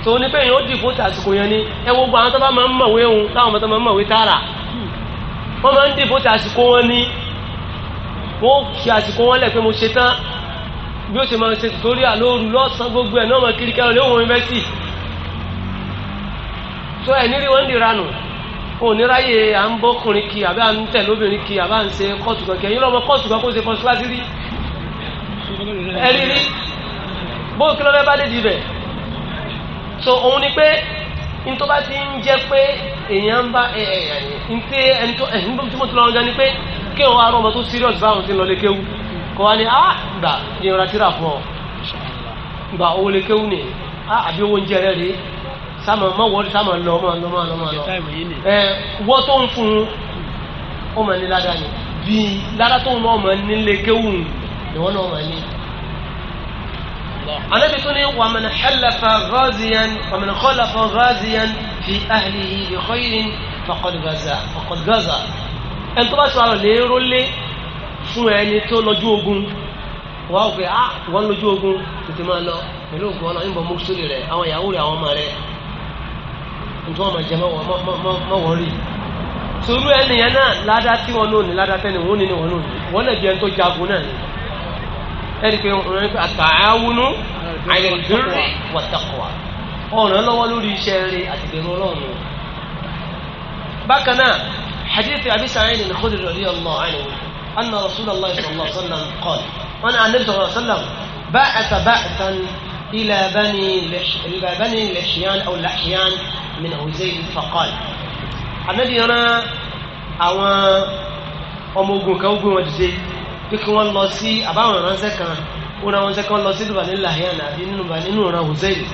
tó ní pé yóò dìbò tàsìkò yẹn ni ẹ wo gbọ́ àwọn tó bá máa ń mọ̀wé òun táwọn ọmọ tó máa ń mọ̀wé tààrà wọ́n máa ń dìbò tàsìkò wọn ni wọ́n fi àsìkò wọn lẹ̀ pé mo ṣe tán bí ó ṣe máa ń ṣe torí àlóoru lọ́sàn gbogbo ẹ̀ náà máa kiri kẹ́rọ lé òun yunifásitì tó ẹ̀ nírí wọn ń dìranù oníráyè à ń bọ́kùnrin kí àbí à ń tẹ̀lé obìnrin kí àbá ń ṣe kóòtù kankan yín lọ́mọ kóòtù kan kó ṣe fọ́n kíláàsì rí ẹ̀rí rí bó kí ló fẹ́ bá dé di bẹ̀ so òun ni pé nítorí bá ti ń jẹ́ pé èèyàn ń bá ntí ẹni tó ẹ̀hìn tí mo ti lọ́wọ́ gan ni pé kí òun arọ ọmọ tó serious báwọn ti lọ lé kéwú kọ́ wa ni ah gbà yẹn ra tíra fún ọ gbà owó lé kéwú ni ah àbí owó oúnjẹ rẹ rèé sáàmù ọmọ wọlé sáàmù ọlọ ọmọ ọlọ ọmọ ọlọ ọlọ ẹ wọ́n tó ń fún un ó mọ̀ ní ládàá ni bí ládàá tó ń lọ ọmọ nílé kéwù ìwọ́n náà mọ̀ ní. Ànábì tó ní wàmìn xẹlẹfà ghaziyan wàmìn kọlẹfà ghaziyan fi ahlihi bi khayrin faqad gaza faqad gaza ẹni tó bá sọ àrò lérò lé fún ẹni tó lọ́jú ogun wà ó pé ah wọ́n lọ́jú ogun tètè máa lọ pẹ̀lú ògùn ọlọ́yìnbọn mọ́sọ́lì rẹ̀ àwọn ìyàwó rẹ̀ àwọn ọmọ rẹ̀ nítorí wọn máa jẹ mọ́wọ́rì torú ẹnìyẹn náà ládá tí wọn lónìí ládá tẹ́ni wọn ní ni wọn lónìí wọn náà bí ẹni tó jagun náà ni ẹni pé wọn ní àtàáwúnú àyẹ̀dúrà wàtàkùwà ọ̀ràn lọ́wọ́ lórí iṣẹ́ rere àti ìbẹ̀rù ọlọ́run bákan náà hadith abi sa'id al-khudri radiyallahu anhu anna rasulullah sallallahu alaihi wasallam qala wọn àná nabi sallallahu alaihi wasallam ba'atha ba'than إلى بني إلى بني لحيان أو لحيان من عزيل فقال النبي أنا àwọn ọmọ ogun kan ogun wọn dìde pé kí wọ́n lọ sí àbáwọn ránṣẹ́ kan ó ra wọn ṣe kán lọ sí ìlú ní lahian àbí nínú nínú ìran Uzair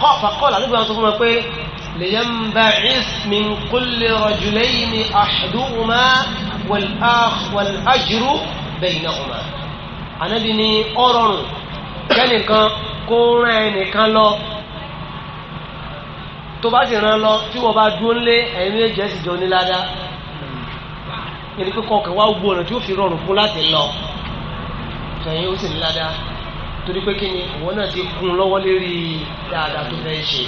kọ́ fàkọ́lá nígbà wọn sọ fún wọn pé لينبعث من كل رجلين أحدهما والآخ والأجر بينهما Ànábì ní ọ̀rọ̀rùn kẹ́nìkan kó rán ẹnìkan lọ tó bá sì rán lọ tí wọ́n bá dúró ńlé ẹ̀yin méjì ẹ̀ sì jọ ní ládàá yẹn pé kọ́ọ̀kan wá gbó ọ̀nà tí ó fi rọrùn fún láti lọ tẹ̀yìn ó sì ní ládàá torí pé kí ni ìwọ náà ti kún lọ́wọ́ lérí dáadáa tó fẹ́ ṣe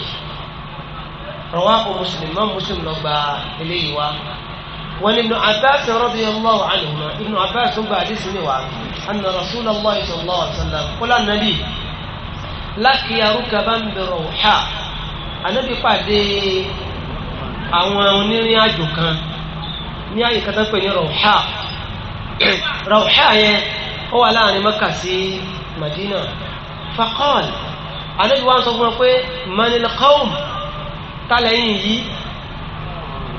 rọwá kó mùsùlùmí mọ́ mùsùlùmí lọ gba eléyìí wá wọ́n ní ibn abbas radiyallahu anhuma ibn abbas ń gba àdísì ní wa anna rasulallah sallallahu alaihi wasallam kọ́lá nàbí lákìyà rúkàbán bi rawha ànábì pàdé àwọn onírìn àjò kan ní àyè kan tó pè ní rawha rawha [clears throat] yẹn ó wà láàrin mẹ́kà sí madina faqal ànábì wa ń sọ fún wọn pé manil qawm yìí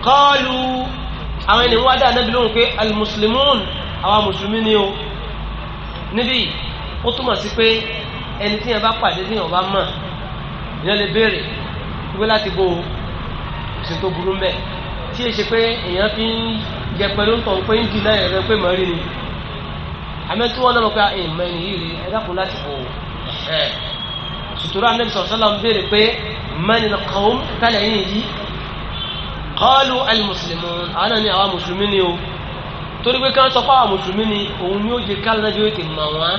qalu àwọn ènìyàn wá dá anábì lóhùn pé alimuslimun àwa mùsùlùmí ni o níbí ó túmọ̀ sí pé ẹni tí yẹn bá pàdé tí yẹn bá mọ̀ ìyẹn lè béèrè wípé láti bo òsì tó burú mbẹ tí èyí ṣe pé èèyàn fi ń yẹ pẹ̀lú ń tàn pé ń dì náà ẹ̀rọ pé mọ̀ rí ni àmì tí wọ́n lọ́mọ pé ah, ìmọ̀ ẹni yìí rí ẹ dákun láti bò ṣùtúrọ̀ anábì sọ̀rọ̀ sọ́lá ń béèrè pé mẹ́rin kan ó ń tálẹ̀ yìí kọ́ọ̀lù alimusulmun àwọn náà ni awa mùsùlùmí ni o torí pé ká sọ pé àwọn mùsùlùmí ni òun ni ó jẹ ká lọ́dọ̀ yóò ti mọ̀ wọ́n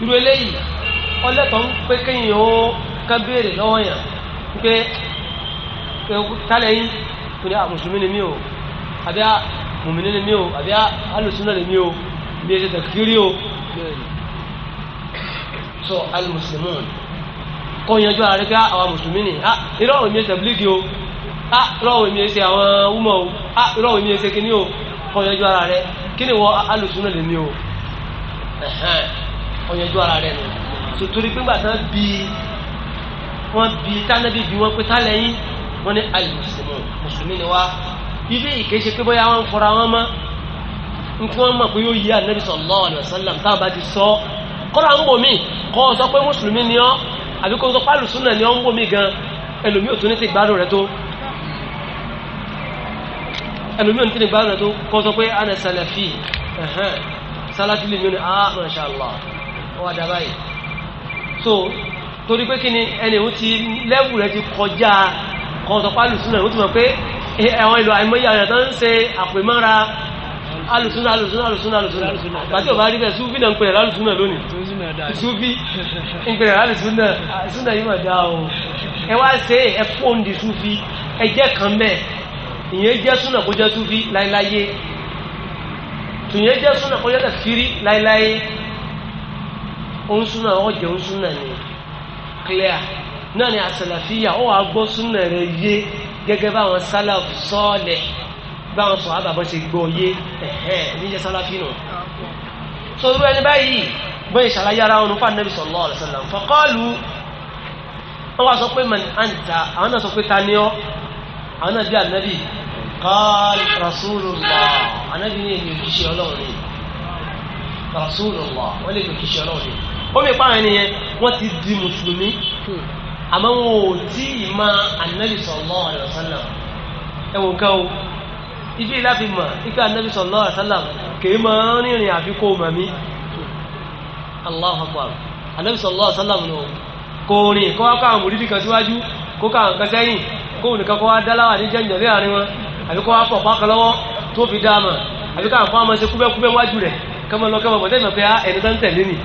irú eléyìí ọlẹ́tọ̀ ń pé kéyìn ó ká béèrè lọ́wọ́ yàn pé tálẹ̀ yín pé àwọn mùsùlùmí ni mí o àbí mùmìnì ni mí o àbí alùsùnà ni mí o bí ẹ ṣe tẹ̀kírí o sọ alimusulmun kọ́ yanjú àríkà àwọn mùsùlùmí ni irọ́ òun ni ẹ tẹ̀blígì o á rọ̀wọ̀ mi ṣe àwọn wúmọ̀ o á rọ̀wọ̀ mi ṣe kíní o ọ̀yànjú ara rẹ kíní wọ alùsùnà lè ní o ọ̀yànjú ara rẹ nù torí pé gbàtà bí wọ́n bí tánàbí bí wọ́n pé tálẹ́yìn wọ́n ní alùsùnà mùsùlùmí ni wá ibi ìkéṣe pé bóyá wọ́n ń fọra wọn mọ́ nkí wọ́n mọ̀ pé yóò yí ànábì sallallahu alaihi wasallam táwọn bá ti sọ kọ́ra ń wò mí kọ́ ọ sọ pé mùsùlùmí ni ọ́ àbí kó sọ pé ni ọ́ ń wò mí gan ẹlòmíì ò ní ti gbádùn rẹ tó ẹlòmíràn tí ní bá ọ̀nà tó kọ́ sọ pé ana salafi salafi lè ní ah masha allah ọwọ́ àdàbà yìí so torí pé kí ni ẹni ìhun ti lẹ́wù rẹ ti kọjá kan sọ pé alùsùnà ìhun ti mọ̀ pé ẹ̀wọ̀n eh, ìlú àìmọye àwọn ìyàtọ̀ ń ṣe àpèmọ́ra alùsùnà alùsùnà alùsùnà alùsùnà àti ọba rí bẹ́ẹ̀ súfì náà ń pèrè alùsùnà lónìí súfì ń pèrè alùsùnà alùsùnà ìyẹn jẹ́ súnà kó jẹ́ súfí láíláyé tùyẹn jẹ́ súnà kó jẹ́ tàfírí láíláyé òun súnà ọ̀ jẹ́ òun súnà ni clear náà ni àsàlàfíà ó wàá gbọ́ súnà rẹ yé gẹ́gẹ́ báwọn sálàf sọ́ọ̀lẹ̀ báwọn sọ̀rọ̀ àbàbọ̀ ṣe gbọ́ yé ẹ̀hẹ́ níjẹ́ sálàfí nù. sọ̀rọ̀ ẹni báyìí bẹ́ẹ̀ ṣàlàyé ara wọn fún anabi sallallahu alaihi wasallam faqalu wọ́n wá sọ pé man anta àwọn náà sọ pé ta ni ọ́ àwọn náà bí ànábì qal rasulullah ànábì ní èmi òkìṣẹ́ ọlọ́run ni rasulullah wọ́n lè mi òkìṣẹ́ ọlọ́run ni ó mi pa àwọn ènìyàn wọ́n ti di mùsùlùmí àmọ́ wọn ò tí ì ma ànábì sallallahu alaihi wasallam ẹ̀wọ̀n kan o ibi láfi mọ̀ ikú ànábì sallallahu alaihi wasallam kèé mọ́ rìnrìn àfikún mọ̀mí Allahu akbar o kò rìn kó wá kó àwọn mùrídìí kóhùn nìkan kó wá dáláwà ní jẹ́ǹjẹ̀ lé àárín wọn àbí kó wá pọ̀ pákan lọ́wọ́ tó fi dáa mọ̀ àbí káwọn fún amọ̀ ṣe kúbẹ́kúbẹ́ wájú rẹ̀ kọ́mọ lọ kọ́mọ bọ̀tẹ́ ìmọ̀pẹ́ ah, ẹni tó ń tẹ̀lé ni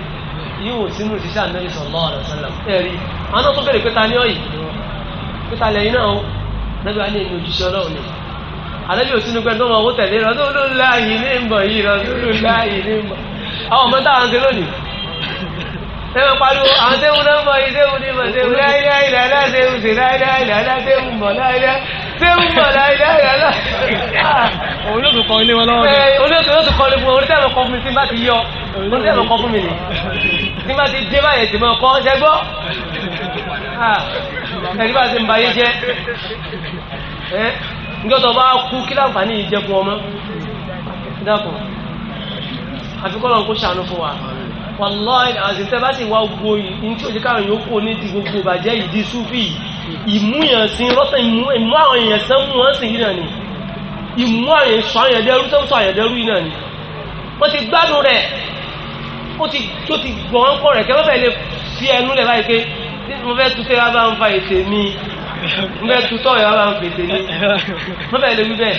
yíwò sínú ìṣiṣẹ́ ànábì sallallahu alaihi wasallam ẹ̀rí àwọn náà tó bẹ̀rẹ̀ pé ta ní ọ̀yì pé ta lẹ́yìn náà lẹ́bí wàá ní èmi òjíṣẹ́ ọlọ́run ni àlẹ́bí ò ọmọ owó tẹ̀lé rọ́dúnlá yìí ní ìmọ̀ yìí rọ́dúnlá yìí ní ìmọ̀ àwọn ọmọ táwọn ń ṣe lónìí tẹ́wọ́n pariwo àwọn ah, tẹ́wọ́n náà mọ̀ yìí tẹ́wọ́n ní mọ̀ tẹ́wọ́n láìláì lálá tẹ́wọ́n sì láìláì lálá tẹ́wọ́n mọ̀ láìláì tẹ́wọ́n mọ̀ láìláì lálá. Ah. òun ló tún kọ ilé wọn lọ́wọ́ ni. Eh, òun ló tún kọ ilé orí tẹ́wọ́n kọ fún mi tí yọ orí tẹ́wọ́n kọ fún mi ni tí ti dé báyẹn tì mọ́ kọ́ ṣẹ́ bá kú kí láǹfààní ọmọ dákun àfikọ́ lọ́n kó ṣàánú fún wa wàláì àti tẹ́bá sì wá gbogbo yìí tí ó ti káàrin yóò kó ní ti gbogbo bàjẹ́ ìdí súfì ìmúyàn sí rọ́tẹ̀ ìmú àwọn èèyàn sẹ́mú wọn sì yìí náà ni ìmú àwọn èèyàn sọ àyẹ̀dẹ́rú tó ń sọ àyẹ̀dẹ́rú yìí náà ni wọ́n ti gbádùn rẹ̀ ó ti tó ti gbọ̀n wọn kọ̀ rẹ̀ kẹ́ fẹ́ lè fi ẹnu lẹ̀ báyìí pé mo fẹ́ tutẹ́ wá bá ń fa ètè mi mo fẹ́ tutọ́ ìwá bá ń fa ètè mi mo [laughs] fẹ́ lè wí bẹ́ẹ̀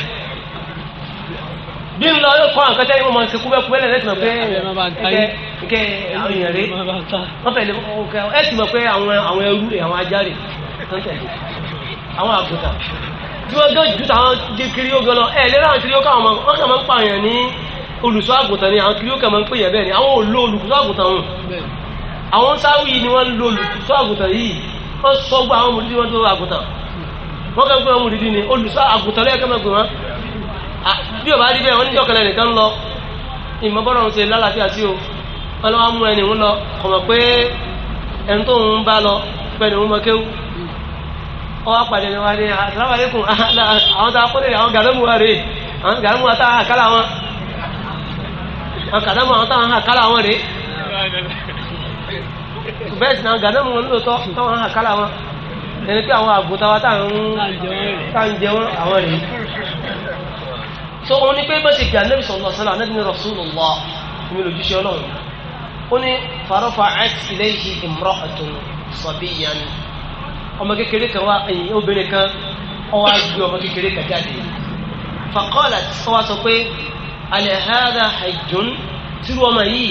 bí n lọ yóò kọ́ àwọn kẹtẹ́ yóò máa ṣe kúbẹ́kúbẹ́ lẹ́sìn mọ̀ pé ẹ̀kẹ́ àwọn èèyàn rẹ̀ wọ́n fẹ̀lẹ̀ ẹ̀sìn mọ̀ pé àwọn ẹrú rẹ̀ àwọn ajá rẹ̀ àwọn àgùntàn tí wọ́n gé jù táwọn gé kiri yóò gan lọ ẹ̀ lẹ́rọ àwọn kiri yóò káwọn wọn kàn máa ń pààyàn ní olùṣọ́ àgùntàn ni àwọn kiri yóò kàn máa ń pèyàn bẹ́ẹ̀ ni àwọn ò lo olùṣọ́ àgùntàn wọn àwọn sáwì ni wọ́n lo olùṣọ́ àgùntàn yìí wọ́n sọ gbọ́ àwọn mùdídí wọn tó àgùntàn wọ́n kàn pé àwọn mùdídí ni olùṣọ́ àgùntàn lẹ́yìn kẹ́mẹ́gbẹ̀ wọn Ah, bí o bá rí bẹ́ẹ̀ wọ́n ní dọ́kẹ̀lẹ̀ nìkan lọ ìmọ̀ ń ṣe lálàáfíà sí o wọn lọ́wọ́ mú ẹni ń lọ kò pé ẹni tó ń bá lọ pẹ̀lú ń mọ kéwú ọ wá pàdé wọn ní assalamu alaikum ah, àwọn tá a àwọn gàdámù wa rèé àwọn gàdámù wa tá a kálá wọn àwọn gàdámù wa tá a kálá wọn rèé bẹ́ẹ̀ sì gàdámù wọn lóòótọ́ táwọn á kálá wọn ẹni pé àwọn àgùntàn wa tá ń jẹ wọn àwọn rèé. so òun ni pé bó ṣe gbà nẹ́bí sọ̀rọ̀ sọ́lá nẹ́bí ni rasulullah mi lò jíṣẹ́ ọlọ́run ó ní farofa at ilayhi imra'atun sabiyan ọmọ kékeré kan wá ẹ̀yìn obìnrin kan ó wá gbé ọmọ kékeré kan jáde faqalat ó wá sọ pé ala hadha hajjun tírú ọmọ yìí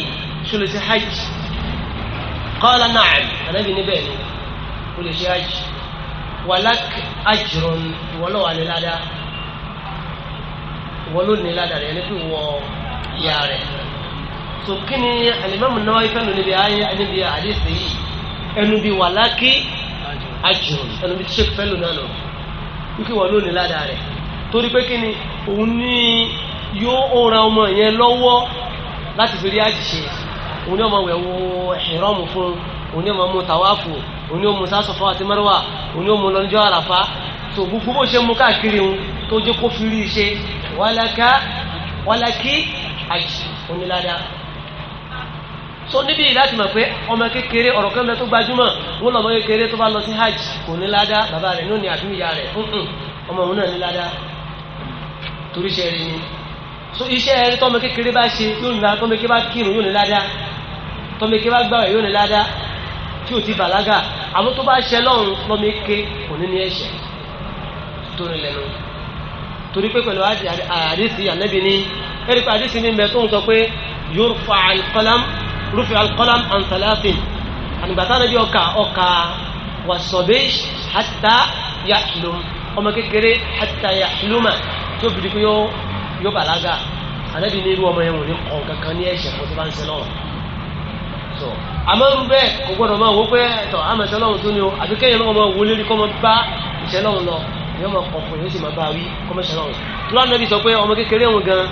ṣọlẹ̀ sí hajj qala na'am ànábì níbẹ̀ ni ó lè ṣe hajj walak ajrun ìwọlọ́wà ní wọ́n ló ní ládàá rẹ̀ ẹni pé wọ́ ìyá rẹ̀ so kí ni alimami náà ifẹ́ lò níbi ayé bi àdéhùn yìí ẹnu bí wàlákì àjùn ẹnu bí tíṣe fẹ́ lò náà lò wíkì wọ́n ló ní ládàá rẹ̀ torí pé kí ni òun ní yóò ran ọmọ yẹn lọ́wọ́ láti fi rí àjìṣe òun ní ọmọ wẹ̀ wo ẹ̀rọ̀mù fún un òun ní ọmọ mu tàwáfù òun ní ọmọ sásọfọ àti mẹ́rẹ́wà òun ní ọmọ lọ́njọ́ àràfá so gbogbo bó ṣe mú káàkiri òun tó jẹ́ kó fi rí ṣe wàlákà wàlákì onílàdá so níbi láti mọ̀ pé ọmọ kékeré ọ̀rọ̀ kan bẹ tó gbajúmọ̀ wọ́n lọ́mọ kékeré tó bá lọ sí hajj kò ní ládá bàbá rẹ̀ ní àbí ìyá rẹ̀ ọmọ òun náà ní torí iṣẹ́ rẹ̀ ni so iṣẹ́ rẹ̀ tọ́mọ kékeré bá ṣe yóò ní ládá tọ́mọ kékeré bá kírun yóò ní ládá tọ́mọ kékeré bá gbàwẹ̀ yóò ní tí ò ti bàlágà àmọ́ tó bá ṣẹ lọ́run lọ́mọ kékeré kò ní ní ẹ̀ṣẹ̀ tó rìn lẹ́nu torí pé pẹ̀lú àdìsí ànábì ní ẹ̀rí pé ni ní mẹ́tò ń sọ pé yorùfà alqalam rufi alqalam an salasin ànìgbàtà náà ọkà ọkà wàsọ̀bẹ́ hatta yahlum ọmọ kékeré hatta yahluma tí ó fìdí pé yóò bàlágà ànábì ní irú ọmọ yẹn wò ní kàn kankan ní ẹ̀ṣẹ̀ fún tó bá lọ́wọ́ so àmọ́ ń bẹ́ẹ̀ kò gbọ́dọ̀ máa wó pé tọ́ àmọ́ ìṣẹ́ lọ́wọ́ tó ní o àbíkẹ́yìn náà máa wọlé rí yóò máa kọ̀ fún yóò sì máa bá a wí kọ́mọ̀ṣẹ́ náà tó lánàá bí sọ pé ọmọ kékeré òun gan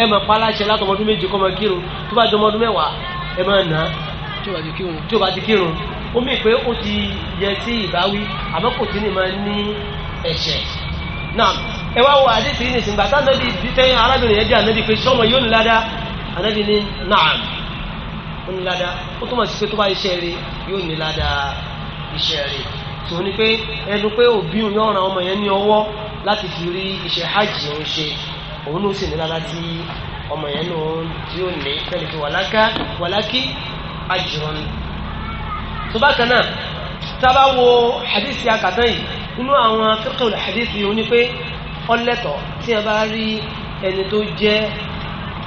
ẹ máa pa aláṣẹ látọmọdún méje kọ́ máa kírun tó bá dọmọdún mẹ́wàá ẹ máa nà á tí ò bá ti kírun ó mì pé ó ti yẹ sí ìbáwí àmọ́ kò tí ni máa ní ẹ̀ṣẹ̀ náà ẹ wá wo àdé tí ní ìsìngbà tá ànábi tẹ́yìn arábìnrin yẹn jẹ́ ànábi pé sọ́mọ yóò ní ládàá ànábi ní náà ó ní ládàá ó túmọ̀ sí pé tó bá iṣẹ́ rẹ̀ yóò ní ládàá iṣẹ́ rẹ̀ tó ní pé ẹnu pé òbí òun yóò ran ọmọ yẹn ní ọwọ́ láti fi rí iṣẹ́ hajj òun ṣe òun ló sì ní lára tí ọmọ yẹn ló tí ó ní tẹ́lẹ̀ fi wàlákà wàlákì ajrun. tó bákan náà tábà wo hadithi akàtàn yìí nínú àwọn akẹ́kọ̀ọ́ hadithi òun ni pé ọlẹ́tọ̀ tí a bá rí ẹni tó jẹ́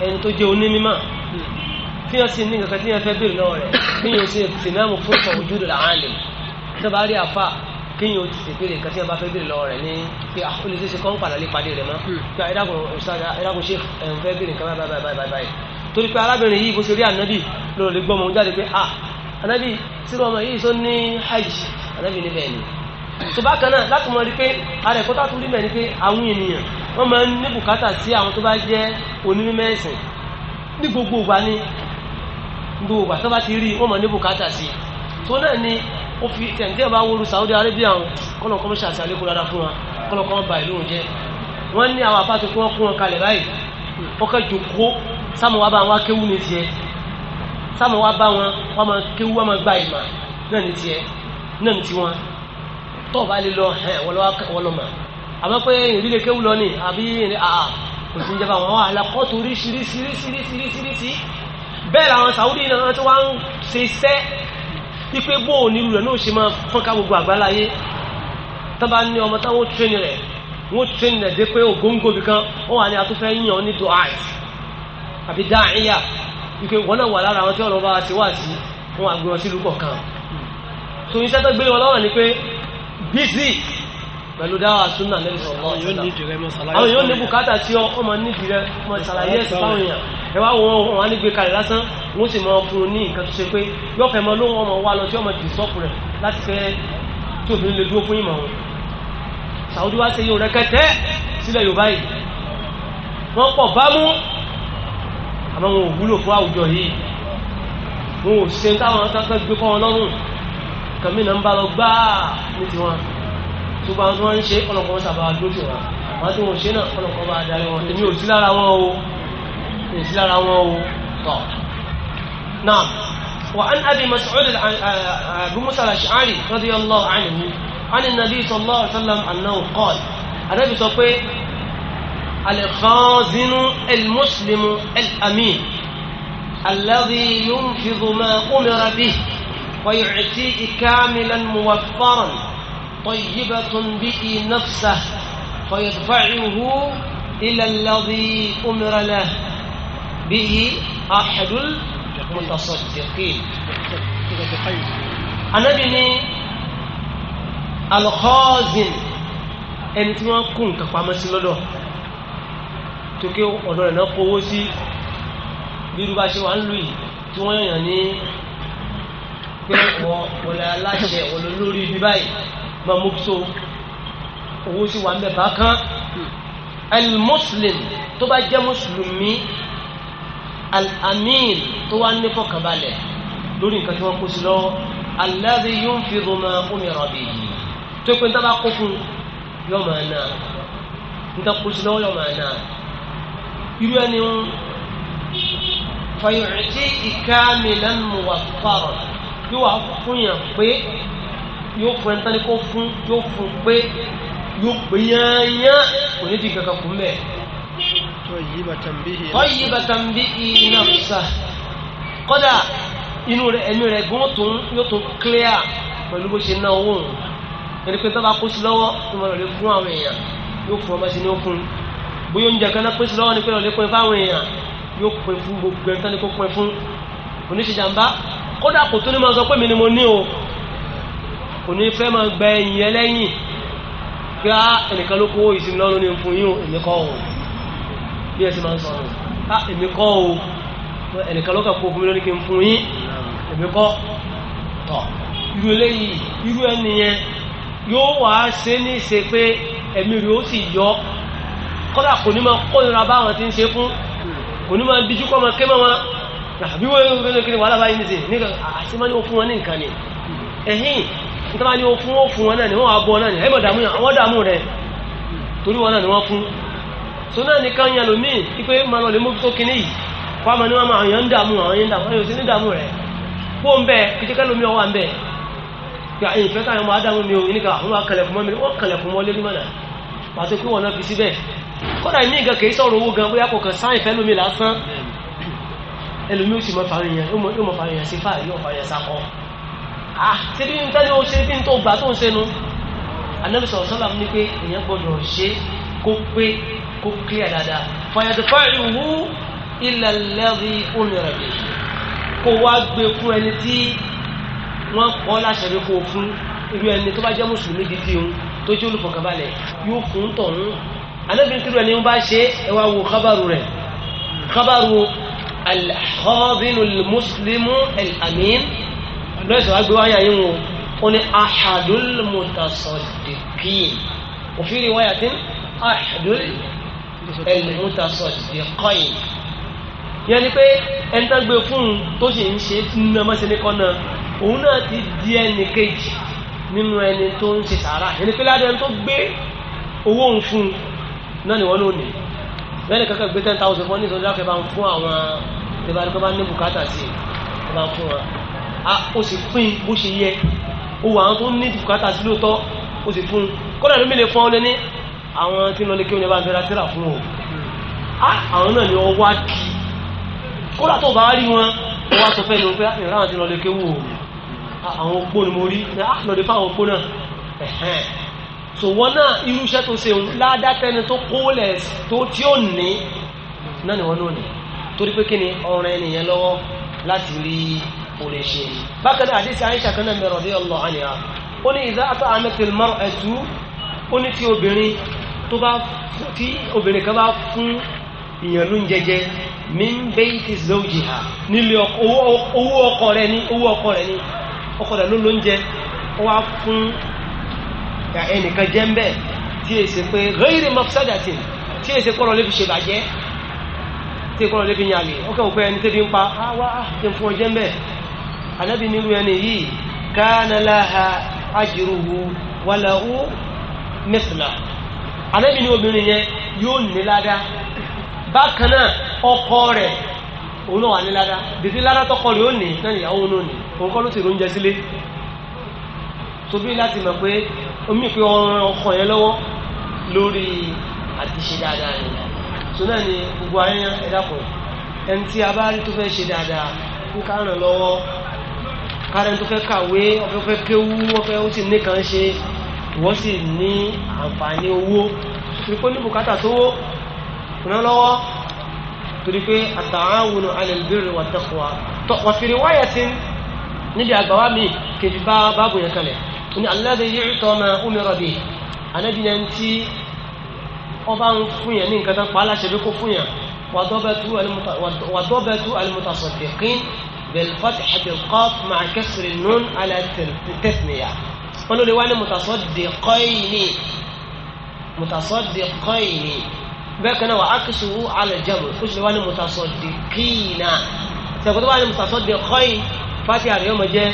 ẹni tó jẹ́ onímọ̀ hmm. tí wọ́n sì ní nǹkan tí wọ́n fẹ́ béèrè lọ́wọ́ rẹ̀ bí yóò ṣe tìǹbù fún ìfọ̀wọ́jú tó bá rí àfa kéèyàn ó ti ṣe béèrè nǹkan tí wọn bá fẹ́ béèrè lọ́wọ́ rẹ̀ ní pé àkólé ah, tó ṣe kọ́ ń padà lè padì rẹ̀ mọ́ hmm. pé ẹ̀dàkùn ẹ̀dàkùn ṣe ẹ̀ ń fẹ́ béèrè nǹkan báyìí báyìí báyìí torí pé arábìnrin yìí bó ṣe rí ànábì lọ́rọ̀ lè gbọ́mọ jáde pé ah ànábì tí ọmọ yìí sọ ní hajj ànábì níbẹ̀ ni tó bá kan náà láti mọ rí pé ara ẹ̀kọ́ tààtú rí mẹ́rin pé àwọn ènìyàn wọ́n máa ń ní bùkátà sí àwọn tó bá jẹ́ onímọ̀ ẹ̀sìn ní gbogbo ìgbà ni gbogbo ìgbà tó bá ti rí wọ́n máa ní bùkátà sí tó náà ni ó fi tẹ̀ǹtẹ̀ bá wọlú Saudi Arabia wọn kọ́nà kọ́ mọ́ ṣàṣà lẹ́kọ̀ọ́ dáadáa fún wa kọ́nà kọ́ mọ́ ba ìlú wọn jẹ́ wọ́n ní àwọn apáto kí wọ́n kún wọn kalẹ̀ báyìí ọkọ̀ jòkó sáàmù wa bá wọn kéwú ní tiẹ̀ sáàmù wa bá wọn wọn máa kéwú wọn máa gba ìmà náà ní tiẹ̀ náà ní tiwọn tó bá lè lọ ẹ̀ wọlọ́mà àmọ́ pé ìrìlẹ̀ kéwú lọ ní àbí ìrìn àà Saudi náà wọ́n ti ipe bó o nílùú rẹ̀ náà ṣe máa fọ́nká gbogbo àgbáláyé tó bá ní ọmọ táwọn tírénì rẹ̀ wọ́n tírénì rẹ̀ dé pé ògóńgó bìkan ó wà ní atúfẹ́ yàn ní du'at àbí dáhìyà ipe wọn náà wà lára àwọn tí ọ̀rọ̀ bá ti wá sí wọn àgbẹ̀ wọn sílùú kọ̀ọ̀kan tó iṣẹ́ tó gbé wọn lọ́wọ́ ni pé bísí pẹ̀lú dáwà súnà lẹ́yìn sọ̀rọ̀ àwọn yóò ní bùkátà tí ọmọ nídìí rẹ̀ ọmọ ìsàlàyé ẹ̀sìn fáwọn èèyàn ẹ wá wọn wọn á lè gbé kalẹ̀ lásán wọn sì máa fún un ní nǹkan tó ṣe pé yóò fẹ́ mọ ló wọn mọ wá lọ tí wọn mọ jù sọ́ọ̀pù rẹ̀ láti fẹ́ tí òfin lè dúró fún ìmọ̀ wọn. sàwùdí wá ṣe yóò rẹ́kẹ́tẹ́ sílẹ̀ yorùbá yìí wọ́n pọ̀ bámú àmọ́ wọn ò wúlò fún àwùjọ yìí wọn ò ṣe táwọn kankan gbé kọ́ wọn lọ́rùn kàmí náà ń bá lọ gbáà ní tiwọn tó bá wọn ṣe ọlọ́kọ̀ọ́ sábà dójú wọn àwọn tí wọn ò ṣe náà ọlọ́kọ̀ọ́ wọn طيب. نعم وعن أبي مسعود بموسى آه، آه، آه، الأشعري رضي الله عنه عن النبي صلى الله عليه وسلم أنه قال النبي صلى الله عليه وسلم الخازن المسلم الأمين الذي ينفذ ما أمر به ويعتيه كاملا موفرا طيبة به نفسه فيدفعه إلى الذي أمر له bihi ahadul mutasaddiqin anabi ni alkhazin ẹni tí wọ́n kún nǹkan pamọ́ sí lọ́dọ̀ tó ké ọ̀dọ̀ rẹ̀ náà kówó sí bírú bá ṣe wà ń lù yìí tí wọ́n yàn ní pé wọ́n wọlé aláṣẹ wọlé lórí ibi báyìí máa mú so owó sí wà ń bẹ̀ bá kán el muslim tó bá jẹ́ mùsùlùmí al-amin tó wá ní fọkànbalẹ̀ lórí nǹkan tí wọ́n kó sí lọ́wọ́ alladhi yunfidhu ma umira bihi tó pé níta bá kó fún yọ máa nà níta kó sí lọ́wọ́ yọ máa nà irú ẹni ń fayọ̀rẹ̀tì kamilan muwaffara yóò wá fún yàn pé yóò fún ẹni tán ni kó fún yóò fún pé yóò pè kò ní di kankan kú mẹ́ẹ̀ tayyibatan bihi nafsahu kọ́dà inú rẹ̀ ẹ̀mí rẹ̀ gbọ́n tó ń yóò tó clear pẹ̀lú bó ṣe ná owó òun ẹni pé tọ́ba kó sí lọ́wọ́ tó máa lọ́ọ́ lè fún àwọn èèyàn yóò fún ọmọ sí ní òkun bóyá oúnjẹ kan náà pèsè lọ́wọ́ ni pé lọ́ọ́ lè pín fáwọn èèyàn yóò pín fún gbogbo ẹni tán ni kó pín fún oníṣèjàmbá kódà kò tó ní máa sọ pé mi ni mo ní o kò ní fẹ́ máa gbẹ ẹ̀yìn ẹlẹ́yìn kí á ẹnìkan ló kó ìsinmi lọ́rùn bí ẹ ti máa ń sọ nù á èmi kọ́ o ẹnìkan ló kà kó fún mi lónìí kí n fún yín èmi kọ́ tọ̀ irú eléyìí irú ẹni yẹn yóò wá ṣe ní ṣe pé ẹ̀mí rẹ̀ ó sì yọ kọ́dà kò ní máa kó báwọn ti ń ṣe fún kò ní máa díjú kọ́ máa ké máa àbí wọ́n yóò fẹ́ kí ni wàhálà báyìí nìsín ní àṣemáni ó fún wọn ní nǹkan ni ẹ̀hìn nítorí ni ó fún ni wọ́n wá bọ́ náà ni ẹ̀mọ̀ tó náà ní káyà lómi ipe máa lọ lè mú tó kíní yìí kó àmọ́ ní wọn máa yàn ń dààmú àwọn yẹn ń dààmú ẹ̀yọ́ sí ní dààmú rẹ̀ kó ń bẹ kíkẹ́ lómi ọwọ́ à ń bẹ gba ẹ̀yìn fẹ́ káyọ̀ máa dààmú mi ò ní ká àwọn akẹlẹ̀kùn mọ́ mi wọ́n kẹlẹ̀kùn mọ́ lérí mọ́nà pàtó kí wọ́n náà fi síbẹ̀ kódà mí gan kìí sọ̀rọ̀ owó gan bóyá kò kàn sáyìn fẹ́ lómi lásán ẹlòmí ó sì mọ fàáyìn yẹn yóò mọ fàáyìn yẹn sí fáà yóò fàáyìn yẹn sákọ́ ah ṣé bí n tẹ́lẹ̀ o ṣe bí n tó gbà tó ń ṣe nu Ànábì sallallahu alaihi wasallam ní pé èèyàn gbọ́dọ̀ ṣe kó pé kó clear dáadáa fàyàdùfà ìhù ilẹ̀ lẹ́rìí òmìnira bẹ̀ kó wá gbé fún ẹni tí wọ́n kọ́ láṣẹ pé kó fún irú ẹni tó bá jẹ́ mùsùlùmí gidi òun tó jẹ́ olùfọ̀kànbalẹ̀ yóò fún tọ̀hún anábìrin tí ẹni bá ṣe ẹ wá wo kábàrù rẹ̀ kábàrù alḥọ́bínú mùsùlùmí alámín lọ́sọ̀ wá gbé wáyà yín wò ó ní ahadul mutasaddiqin òfin rí wáyà tí ahadul al-mutasaddiqayn yẹn ni pé ẹni tó gbé fún un tó sì ń ṣe nínú ọmọ sẹ́ni kan náà òun náà ti di ẹni kejì nínú ẹni tó ń ṣe sàárà yẹn ni pé ládẹ́ ẹni tó gbé owó òun fún un náà ni wọ́n ló ní bẹ́ẹ̀ ni kankan gbé ten thousand fún ní ìsọdá kẹfà ń fún àwọn ìbáraẹni kọ́ bá ní bùkátà sí i bá ń fún wọn ó sì pín bó ṣe yẹ owó àwọn tó ní bùkátà sí lóòótọ́ ó sì fún kọ́dà ló mi lè fún ọ lẹ́ni àwọn tí lọ lè kí wọn bá ń tíra fún o àwọn náà ni wọ́n wá kí kódà tó bá rí wọn wọ́n wá sọ fẹ́ ló pé àfihàn láwọn tí lọ lè kéwò àwọn opó ni mo rí lọ́dẹ fáwọn opó náà so wọ́n náà irú iṣẹ́ tó ṣe ládá tẹni tó kólẹ̀ tó tí ó ní ni wọ́n náà ní torí pé kí ni ọ̀rọ̀ ẹnìyẹn lọ́wọ́ láti rí orí ṣe bákan náà àdéhùn àyíṣà kan náà radiyallahu anha ó ní idha at'amatil mar'atu ó ní tí obìnrin tó bá tí obìnrin kan bá fún ìyàn ló ń jẹjẹ min bayti zawjiha nílé owó ọkọ rẹ ní owó ọkọ rẹ ní ọkọ rẹ ló ló ń jẹ ó wá fún ẹnìkan jẹ ń bẹ tí è ṣe pé ghairi mafsadatin tí è ṣe kọ́rọ̀ lébi ṣe bàjẹ́ tí è kọ́rọ̀ lébi yàn lè ọkọ̀ òpẹ́ ẹni tẹ́bi ń pa ah, wá jẹun ah, fún ọ ń bẹ anábì nílùú ẹni yìí kana laha ajruhu wa lahu ànábì ní obìnrin yẹn yóò ní ládá bákan náà ọkọ rẹ̀ òun náà wà ní ládá dèdè ládá tọkọ rẹ̀ ó ní náà ìyàwó òun náà ní òun kọ́ ló ni tó náà ni gbogbo ayẹyẹ ẹ̀dá kan ẹni tí a bá rí tó fẹ́ ṣe dáadáa ń ká ràn lọ́wọ́ kárẹ́ni tó fẹ́ kàwé ọ̀fẹ́ fẹ́ kéwú ọ̀fẹ́ ó sì ní kàn ṣe wọ́n sì ní àǹfààní owó torí pé ní bùkátà sówó ràn lọ́wọ́ torí pé àtàwọnù alal birri wat taqwa wa fi riwayatin níbi àgbàwá mi kejì bá báàbò yẹn kalẹ̀ ní alladhi yu'ta ma umira bihi wọn ló lè wá ní mutasaddiqaini mutasaddiqaini bẹ́ẹ̀ kan náà wà ákìsùwù alẹ́jẹ̀mù ó sì lè wá ní mutasaddiqina sẹ́kù tó wá ní mutasaddiqaini fati àrẹ yóò máa jẹ́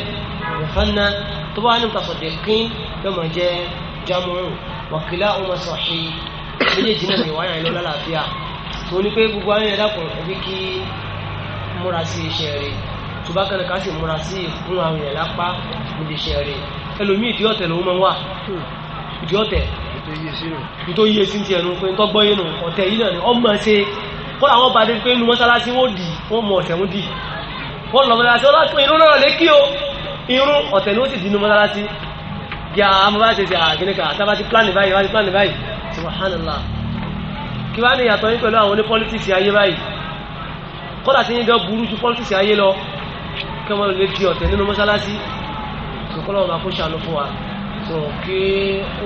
mùfánná tó wá ní mutasaddiqin yóò máa jẹ́ jamu wàkìlá ọmọ sọ̀hí méjèèjì náà ìwáyà ìlú lálàáfíà tó ní pé gbogbo ayé ẹ̀dá kan ẹ̀bí kí múra sí iṣẹ́ rẹ̀ tó bá kẹ́lẹ́ ká sì múra sí ìkún àwọn èèyàn lápá níbi iṣẹ́ rẹ̀ ẹlòmíì ìdí ọ̀tẹ̀ lòún máa ń wà ìdí ọ̀tẹ̀ nítorí iye sí ti ẹnu pé ń tọ́gbọ́ yẹnu ọ̀tẹ̀ yìí náà ni ọmọ ṣe kọ́ làwọn bá dé pé inú mọ́ṣáláṣí wọ́n dì wọ́n mọ ọ̀tẹ̀ wọn dì wọ́n lọ mọ́ṣáláṣí wọ́n lọ́pọ̀ irun náà lé kí o irun ọ̀tẹ̀ ni ó sì dì inú mọ́ṣáláṣí kí a mọ́ bá ṣe ṣe àgbẹ̀nìkà tábà ti pláàni báyìí wáyé pláàni báyìí subhanallah kí wá ní ìyàtọ̀ yín pẹ̀lú àwọn oní pọ́lítíìsì ayé báyìí kọ́dà tí yín gan burú ju pọ́lítíìsì ayé lọ kí wọ́n lè di ọ̀tẹ̀ nínú mọ́ṣáláṣí sọkọlọ ọba kó ṣàánú fún wa tó kí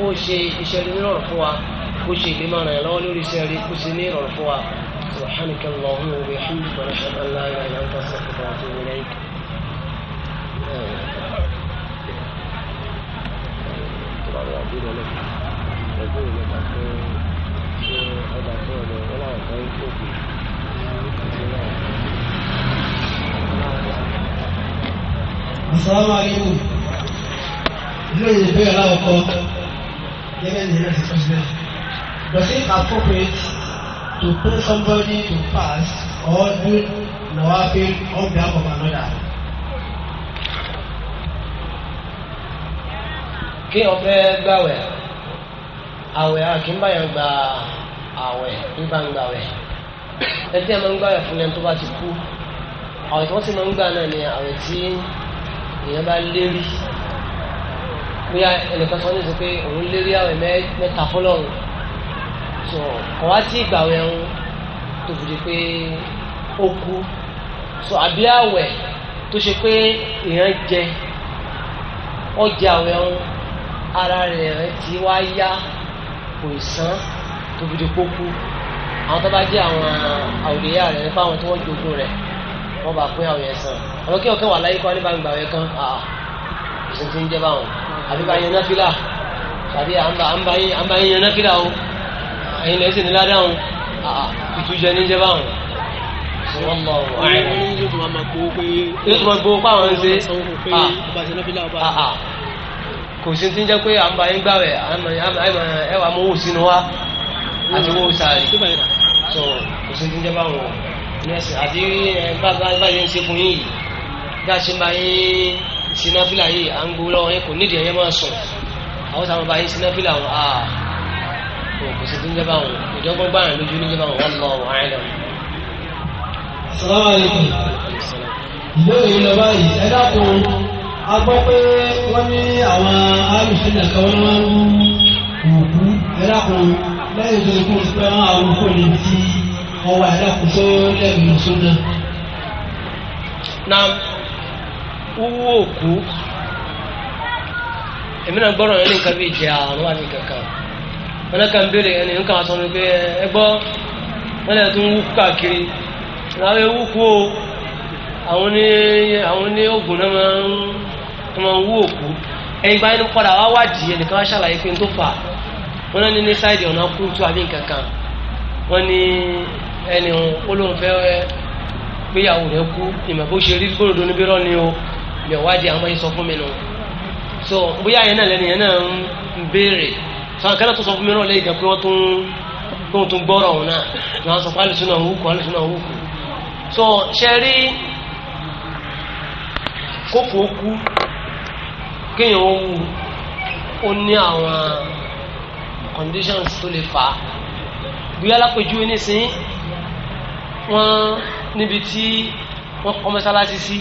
ó ṣe iṣẹ́ rí nírọ̀rùn fún wa kó ṣe ìgbìmọ̀ràn ẹ̀ lọ́wọ́ lórí iṣẹ́ rí kó ṣe ní ìrọ̀rùn fún wa سبحانك اللهم وبحمدك ونشهد ان لا اله الا انت استغفرك واتوب اليك السلام عليكم blowing the bell out for giving the next question. Was it appropriate to put somebody to pass or do nawafil on behalf of another? kí ọbẹ̀ gbàwẹ̀ àwẹ̀ àkínbáyọ̀ gba àwẹ̀ nígbà ń gbàwẹ̀ ẹni tí máa ń gbàwẹ̀ fún ẹni tó bá ti kú àwẹ̀ tí wọ́n sì máa ń gbà náà ni àwẹ̀ tí èèyàn bá lérí bóyá ẹnìkan sọ ní sọ pé òun lérí àwẹ̀ mẹ́ta fọlọ́run sọ kàn wá tí ìgbà wẹ̀ ń tó fi di pé ó kú sọ àbí àwẹ̀ tó ṣe pé èèyàn jẹ ọjà àwẹ̀ ń ara rẹ̀ ti wá yá kò sàn tó fi di pé ó kú àwọn tó bá jẹ́ àwọn àwòléyà rẹ̀ nípa àwọn tó wọ́n jogún rẹ̀ wọ́n bá pín àwẹ̀ sàn àwọn kí ọ̀kẹ́ wà láyé kọ́ ní bá ń gbà wẹ̀ kan àà ìṣèǹtì ń jẹ́ báwọn àbí ká yan náfìlà tàbí àǹbá yín yan náfìlà o ẹ̀yin lẹ́sìn ní ládàá o ìtújẹ ní jẹba o. wọ́n mọ̀ ọ́ ẹ̀ yóò tún máa gbowó pé yóò tún máa gbowó pé àwọn ń ṣe kò sí ti ń jẹ́ pé àǹbá yín gbàwẹ̀ ẹ̀wà mọ́wó sínú wa àti owó sáré so kò sí ti ń jẹ́ báwọn o àti bá bá bá yẹn ń ṣe fún yìí bí ṣe máa yín sinafila yìí à ń gbowó lọ́wọ́ yẹn kò nídìí ẹ̀yẹ́ máa sùn àwọn sábà bá yín sinafila wọn a kò kò sí tó ń jẹba wọn ìdọ́gbọ́n gbàrán lójú ní jẹba wọn lọ wọn àyìn lọ. salaamaleykum ìbéèrè yìí lọ báyìí ẹ dákun a gbọ́ pé wọ́n ní àwọn alùpùpù nìkan wọ́n máa ń wùkú ẹ dákun lẹ́yìn tó kún pé wọ́n àwọn òkú ni ti ọwọ́ ẹ dákun tó lẹ́yìn ìṣúná. náà wúwú òkú èmi náà gbọ́dọ̀ yẹn ní nǹkan bíi jẹ àrùn wà ní kankan wọn náà kàn ń béèrè ẹni nǹkan sọ ni pé ẹ gbọ́ wọn náà tún wú káàkiri làwọn ewu kú o àwọn ní àwọn ní oògùn náà máa ń máa ń wú òkú ẹyin báyìí padà wá wádìí ẹnìkan wá ṣàlàyé pé n tó fà wọn ní ní sáìdì ọ̀nà kú tó àbí wọn ní ẹni gbéyàwó rẹ kú ìmọ̀ bó ṣe rí níbí rọ́ mi ò àwọn ọmọ fún mi nù so bóyá yẹn náà lẹ́nu yẹn náà ń béèrè sọ àkẹ́lẹ́ tó sọ fún mi náà lẹ́yìn ìgbà pé wọ́n tún gbọ́rọ̀ ọ̀hún náà ni wọ́n sọ pé alùsùn náà wúkọ́ alùsùn náà wúkọ́ so ṣe rí kófò kú kéèyàn ó wù ó ní àwọn conditions tó lè fà á bóyá alápèjúwe nísìnyí wọ́n níbi tí wọ́n kọ́ mọ́sálásí sí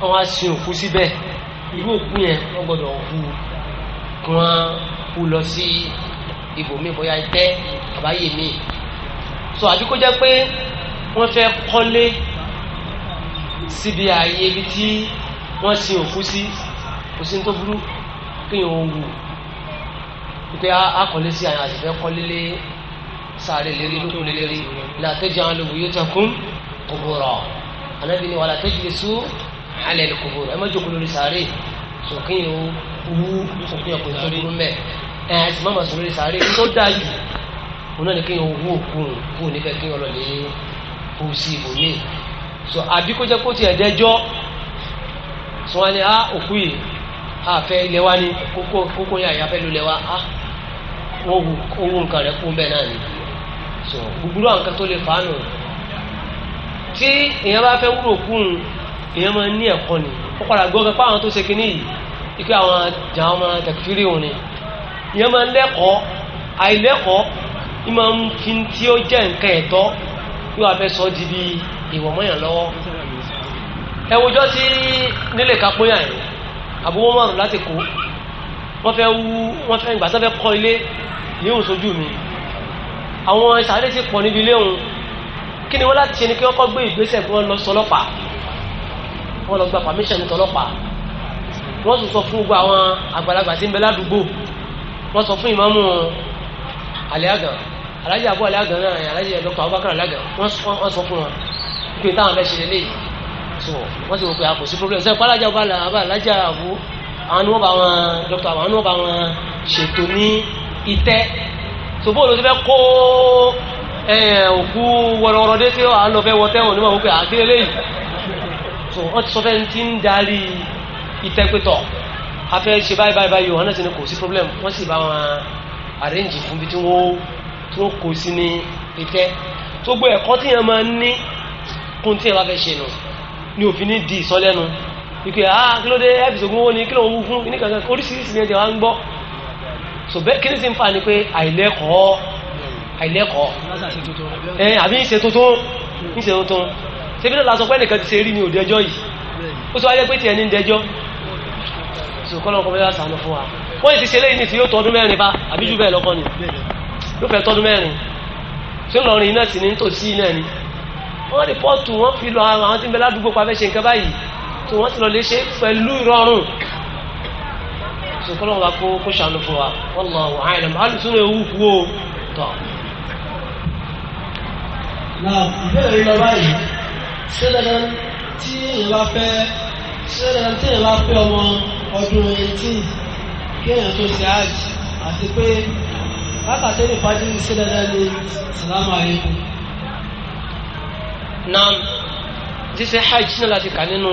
wọ́n á sin òkú síbẹ̀ irú òkú yẹn wọ́n gbọ́dọ̀ hu kí wọ́n hu lọ sí ibòmí bóyá ìtẹ́ àbáyé mi so àbí kó jẹ́ pé wọ́n fẹ́ kọ́lé síbi ààyè ibi tí wọ́n sin òkú sí kò sí ní tó burú kéèyàn ò wù pé akọ̀lé sí àyàn àti fẹ́ kọ́lé lé sáré lérí lókun lérí làtẹ́jọ́ àwọn olùwòye tẹkùn kò bọ̀rọ̀ ànábìíní wà látẹ́jọ́ lè sùn alẹ́ lè kókó ẹ má jókòó lórí sàárè sòkín o wú sòkín ọkọ̀ ìtọ́jú mẹ́ ẹ ẹ sì má má sọ lórí sàárè tó dáa jù òun náà ni kí n wú òkú kú níbẹ̀ kí n lọ lè kú sí ibòmíì so àbí kó jẹ́ kó tiẹ̀ dẹ́jọ́ sọ wá ní á òkú yìí á fẹ́ ilé wa ní kókó kókó yàrá fẹ́ lulẹ̀ wa á wọ́n wu owó nǹkan rẹ̀ kú bẹ́ẹ̀ náà ni so gbogbo àwọn kan tó lè fàánù tí èèyàn bá fẹ́ wúrò kú èèyàn máa ní ẹ̀kọ́ ni ó padà gbọ́ pé àwọn tó ṣe kínní yìí ikú àwọn jà wọn máa tẹ̀kífìrí òun ni èèyàn máa lẹ́kọ̀ọ́ àìlẹ́kọ̀ọ́ ní máa ń fi tí ó jẹ́ nǹkan ẹ̀tọ́ yóò fẹ́ sọ di bí ìwọ̀ mọ́yàn lọ́wọ́ ẹwùjọ́ tí nílé kápóyà yìí àbúwọ́ márùn láti kó wọ́n fẹ́ wú wọ́n fẹ́ ìgbà sọ́fẹ́ kọ́ ilé yíò sójú mi àwọn ìsàlẹ̀ ti pọ̀ níbi ilé òun kí ni wọ́n láti ṣe ni kí wọ́n kọ́ gbé ìgbésẹ̀ kí wọ́n lọ sọlọ́pàá wọ́n lọ gba permission ní tọlọ́pàá wọ́n sì sọ fún gbogbo àwọn àgbàlagbà tí ń bẹ ládùúgbò wọ́n sọ fún ìmáàmù àlẹ́àgàn alájà àbú àlẹ́àgàn náà alájà dọ́kítà abubakar àlẹ́àgàn wọ́n sọ fún wọn pé táwọn fẹ́ ṣe lélẹ́yìí so wọ́n sì wò pé a kò sí problem sẹ́yìn pálájà àbú alájà àbú àwọn ni wọ́n bá wọn dọ́kítà àwọn ni wọ́n bá wọn ṣètò ní ìtẹ́ so bóòlù ti fẹ́ kó òkú wọ̀rọ̀wọ̀rọ̀ dé sí àlọ́fẹ́ wọ́tẹ́wọ̀n níwọ̀n wípé àkílẹ̀ lẹ́yìn so wọ́n ti sọ fẹ́ ti ń darí ìtẹ́pẹ́tọ̀ afẹ́ ṣe báyìí báyìí báyìí wọn náà ti ní kò sí problem wọ́n sì bá wọn àrẹ́ǹjì fún bí tí wọ́n tí wọ́n kó sí ní ìtẹ́ tó gbé ẹ̀kọ́ tí yẹn máa ń ní kún tí yẹn bá fẹ́ ṣe nù ni òfin ní di ìsọlẹ́nu wípé ah kí ló dé ẹ́fìsì ògún owó ni kí ló ń wú fún ní kankan oríṣiríṣi ni ẹ̀jẹ̀ wa ń gbọ́ so bẹ́ẹ̀ kí ni sì ń fà ni pé àìlẹ́kọ̀ọ́ àìlẹ́kọ̀ọ́ ẹ̀ àbí ìṣètò tó ń ṣètò tó ń ṣe bí lọ́la sọ pé nìkan ti ṣe rí ní òde ẹjọ́ yìí ó sọ wáyé pé tiẹ̀ ní ń dẹjọ́ sọ kọ́ lọ́kọ́ bẹ́ẹ̀ sànú fún wa wọ́n ti ṣe léyìn nísìnyí yóò tọdún mẹ́rin bá àbí jù bẹ́ẹ̀ lọ́kọ́ ni yóò fẹ́ tọdún mẹ́rin ṣé lọ́rin iná sì ní tòsí náà ni wọ́n rìpọ́ọ̀tù wọ́n fi lọ àwọn tí ń bẹ ládùúgbò pa fẹ́ ṣe nǹkan báyìí tó wọ́n ti lọ lè ṣe pẹ̀lú ìrọ̀rùn sọkọlọ́wọ́ wa kó kó ṣàánú fún wa wallahu a'lam alùsùnú ewu kú o tọ̀. náà ìbéèrè lọ báyìí ṣé dandan tí èèyàn bá fẹ́ ṣé dandan tí èèyàn bá fẹ́ ọmọ ọdún eighteen kí èèyàn tó ṣe hajj àti pé lákàtẹ́ lè fájú ṣé dandan ní sàlámù àlékún. naam ṣíṣe hajj náà láti kà nínú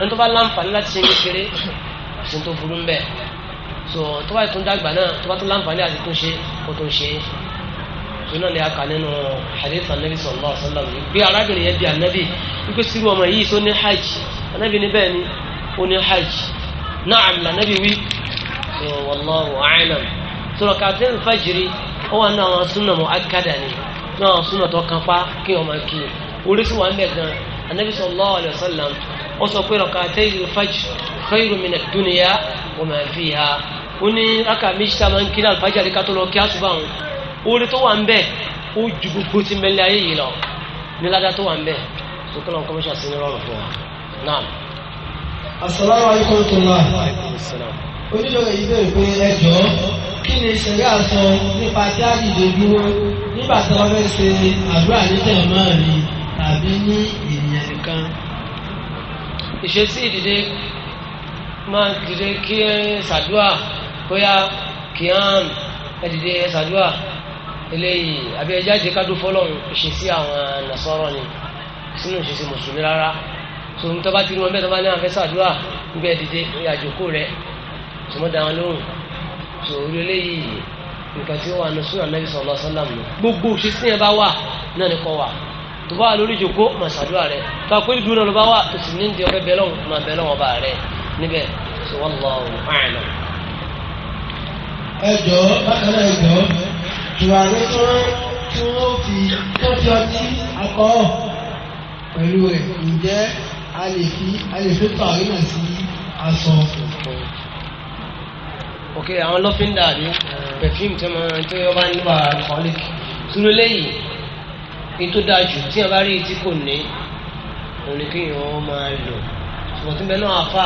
ẹni tó bá láǹfààní láti ṣe kékeré ṣe tó burú ń bẹ̀ tó bá tún dàgbà náà tó bá tún láǹfààní àti tún ṣe kó tún ṣe é iná ni a kà nínú hadith anabi sallallahu alaihi wa sallam pé arábìnrin yẹn bí anabi wípé sírú ọmọ yìí tó ní hajj anabi ní bẹ́ẹ̀ ni ó ní hajj naam lànàbí wí wallahu a'lam sọ̀rọ̀ kàtẹ́ fàjìrì ó wà ní àwọn súnà mọ́ akádà ni ní àwọn súnà tó kan pa kí ọmọ kí orí sì wà ń bẹ̀ gan anabi sallallahu alaihi wa sallam ó sọ pé rak'atay al-fajr khayrun min ad-dunya wa ma ó ní aka méjì tá ń kí ní alifájà rí lọ kí á tún bá wọn orí tó wà ń bẹ ó ju gbogbo ti mẹ́lẹ̀ ayé yìí lọ ní ládá tó wà ń bẹ tó kọ́ lọ́n kọ́ mọ́ṣá sí ní rọrùn fún wa náà. asalaamu alaykum tula onídọ̀rọ̀ yìí bẹ̀rẹ̀ pé ẹ kí ni sẹ̀ríà sọ nípa tí a dìde dúró nígbà tí wọ́n fẹ́ ṣe àdúrà níjẹ̀ máa rí tàbí ní ènìyàn nìkan. ìṣesí ìdìde máa dìde kí ẹ ṣàdúrà bóyá kí á ẹ dìde ẹ ṣàdúrà eléyìí àbí ẹja ti ká dúró fọlọ́run ṣe sí àwọn nàṣọ́rọ̀ ni sínú ṣe sí mùsùlùmí rárá so ní tọ́ba ti rí wọn bẹ́ẹ̀ tọ́ba ní àwọn afẹ́sà àdúrà níbẹ̀ dìde ní àjòkó rẹ sọmọ da wọn lóhùn so orí eléyìí nǹkan tí ó wà ní sùn ànábì sọlọ sọlám ni gbogbo ṣe sí yẹn bá wà náà ní kọ wà tó bá wà lórí ìjòkó mà ṣàdúrà rẹ tó a pé dúró náà ló bá wà tó sì ní ti ọkẹ bẹ́ẹ̀ lọ́hùn mà bẹ́ẹ̀ lọ́hùn ọba rẹ níbẹ̀ bákan náà ẹ tùràrí tó tí wọ́n fi tó fi ọtí akọ́ pẹ̀lú ẹ̀ ǹjẹ́ a lè fi a lè fi tàwé náà sí aṣọ. ok àwọn lọ́fíńdà àbí pẹ̀fíìmù tí wọ́n tí wọ́n nípa alcoholic túró lẹ́yìn ní tó dáa jù tí wọ́n bá rí tí kò ní òun ni kéèyàn wọ́n máa lò ṣùgbọ́n tí bẹ́ẹ̀ náà àfà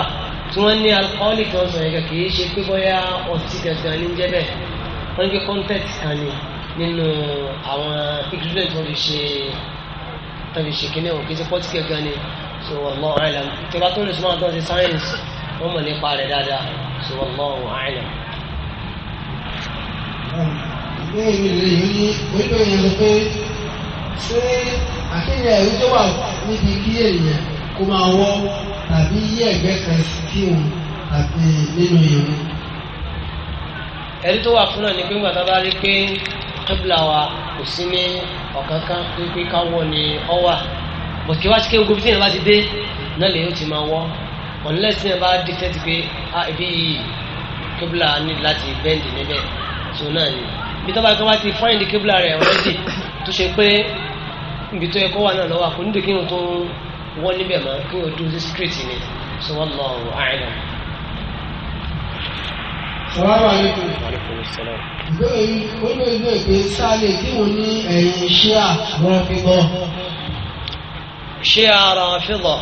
tí wọ́n ní alcoholic wọ́n sọ yẹn kì í ṣe pé bóyá ọtí gangan ní jẹ́ bẹ́ẹ̀ wọ́n ní pé context kan ni nínú àwọn ingredient wọ́n fi ṣe wọ́n fi ṣe kíní wọn kì í ṣe pọ́tíkì gan ni so wallahu a'lam ìjọba tó lè súnmọ́ àtọ́sí science wọ́n mọ̀ nípa rẹ̀ dáadáa ẹ̀rí tó wà fún náà ni pé ńgbà tá a bá rí pé kébìlà wa kò sí ní ọ̀kánkán pé káwọ́ ni ọ wà bọ̀tí wá sí pé ogun bíi tí yẹn bá ti dé náà lè yóò ti máa wọ́ unless yẹn bá dictate pé a ah, ibi yìí kébìlà ní láti bend níbẹ̀ tó náà ni bí tó bá kọ́ bá ti find kébìlà rẹ̀ already tó ṣe pé ibi tó yẹ kó wà náà lọ́wọ́ àkóńdè kí n tó wọ́ níbẹ̀ mọ́ kí n ò dúró sí street ni so wallahu a'lam. Sàlámà lẹ́kùn. Ìbéèrè oní ìgbé ìgbé sáálé tí mo ní ẹ̀yìn ṣíà Ràfídà. Ṣíà Ràfídà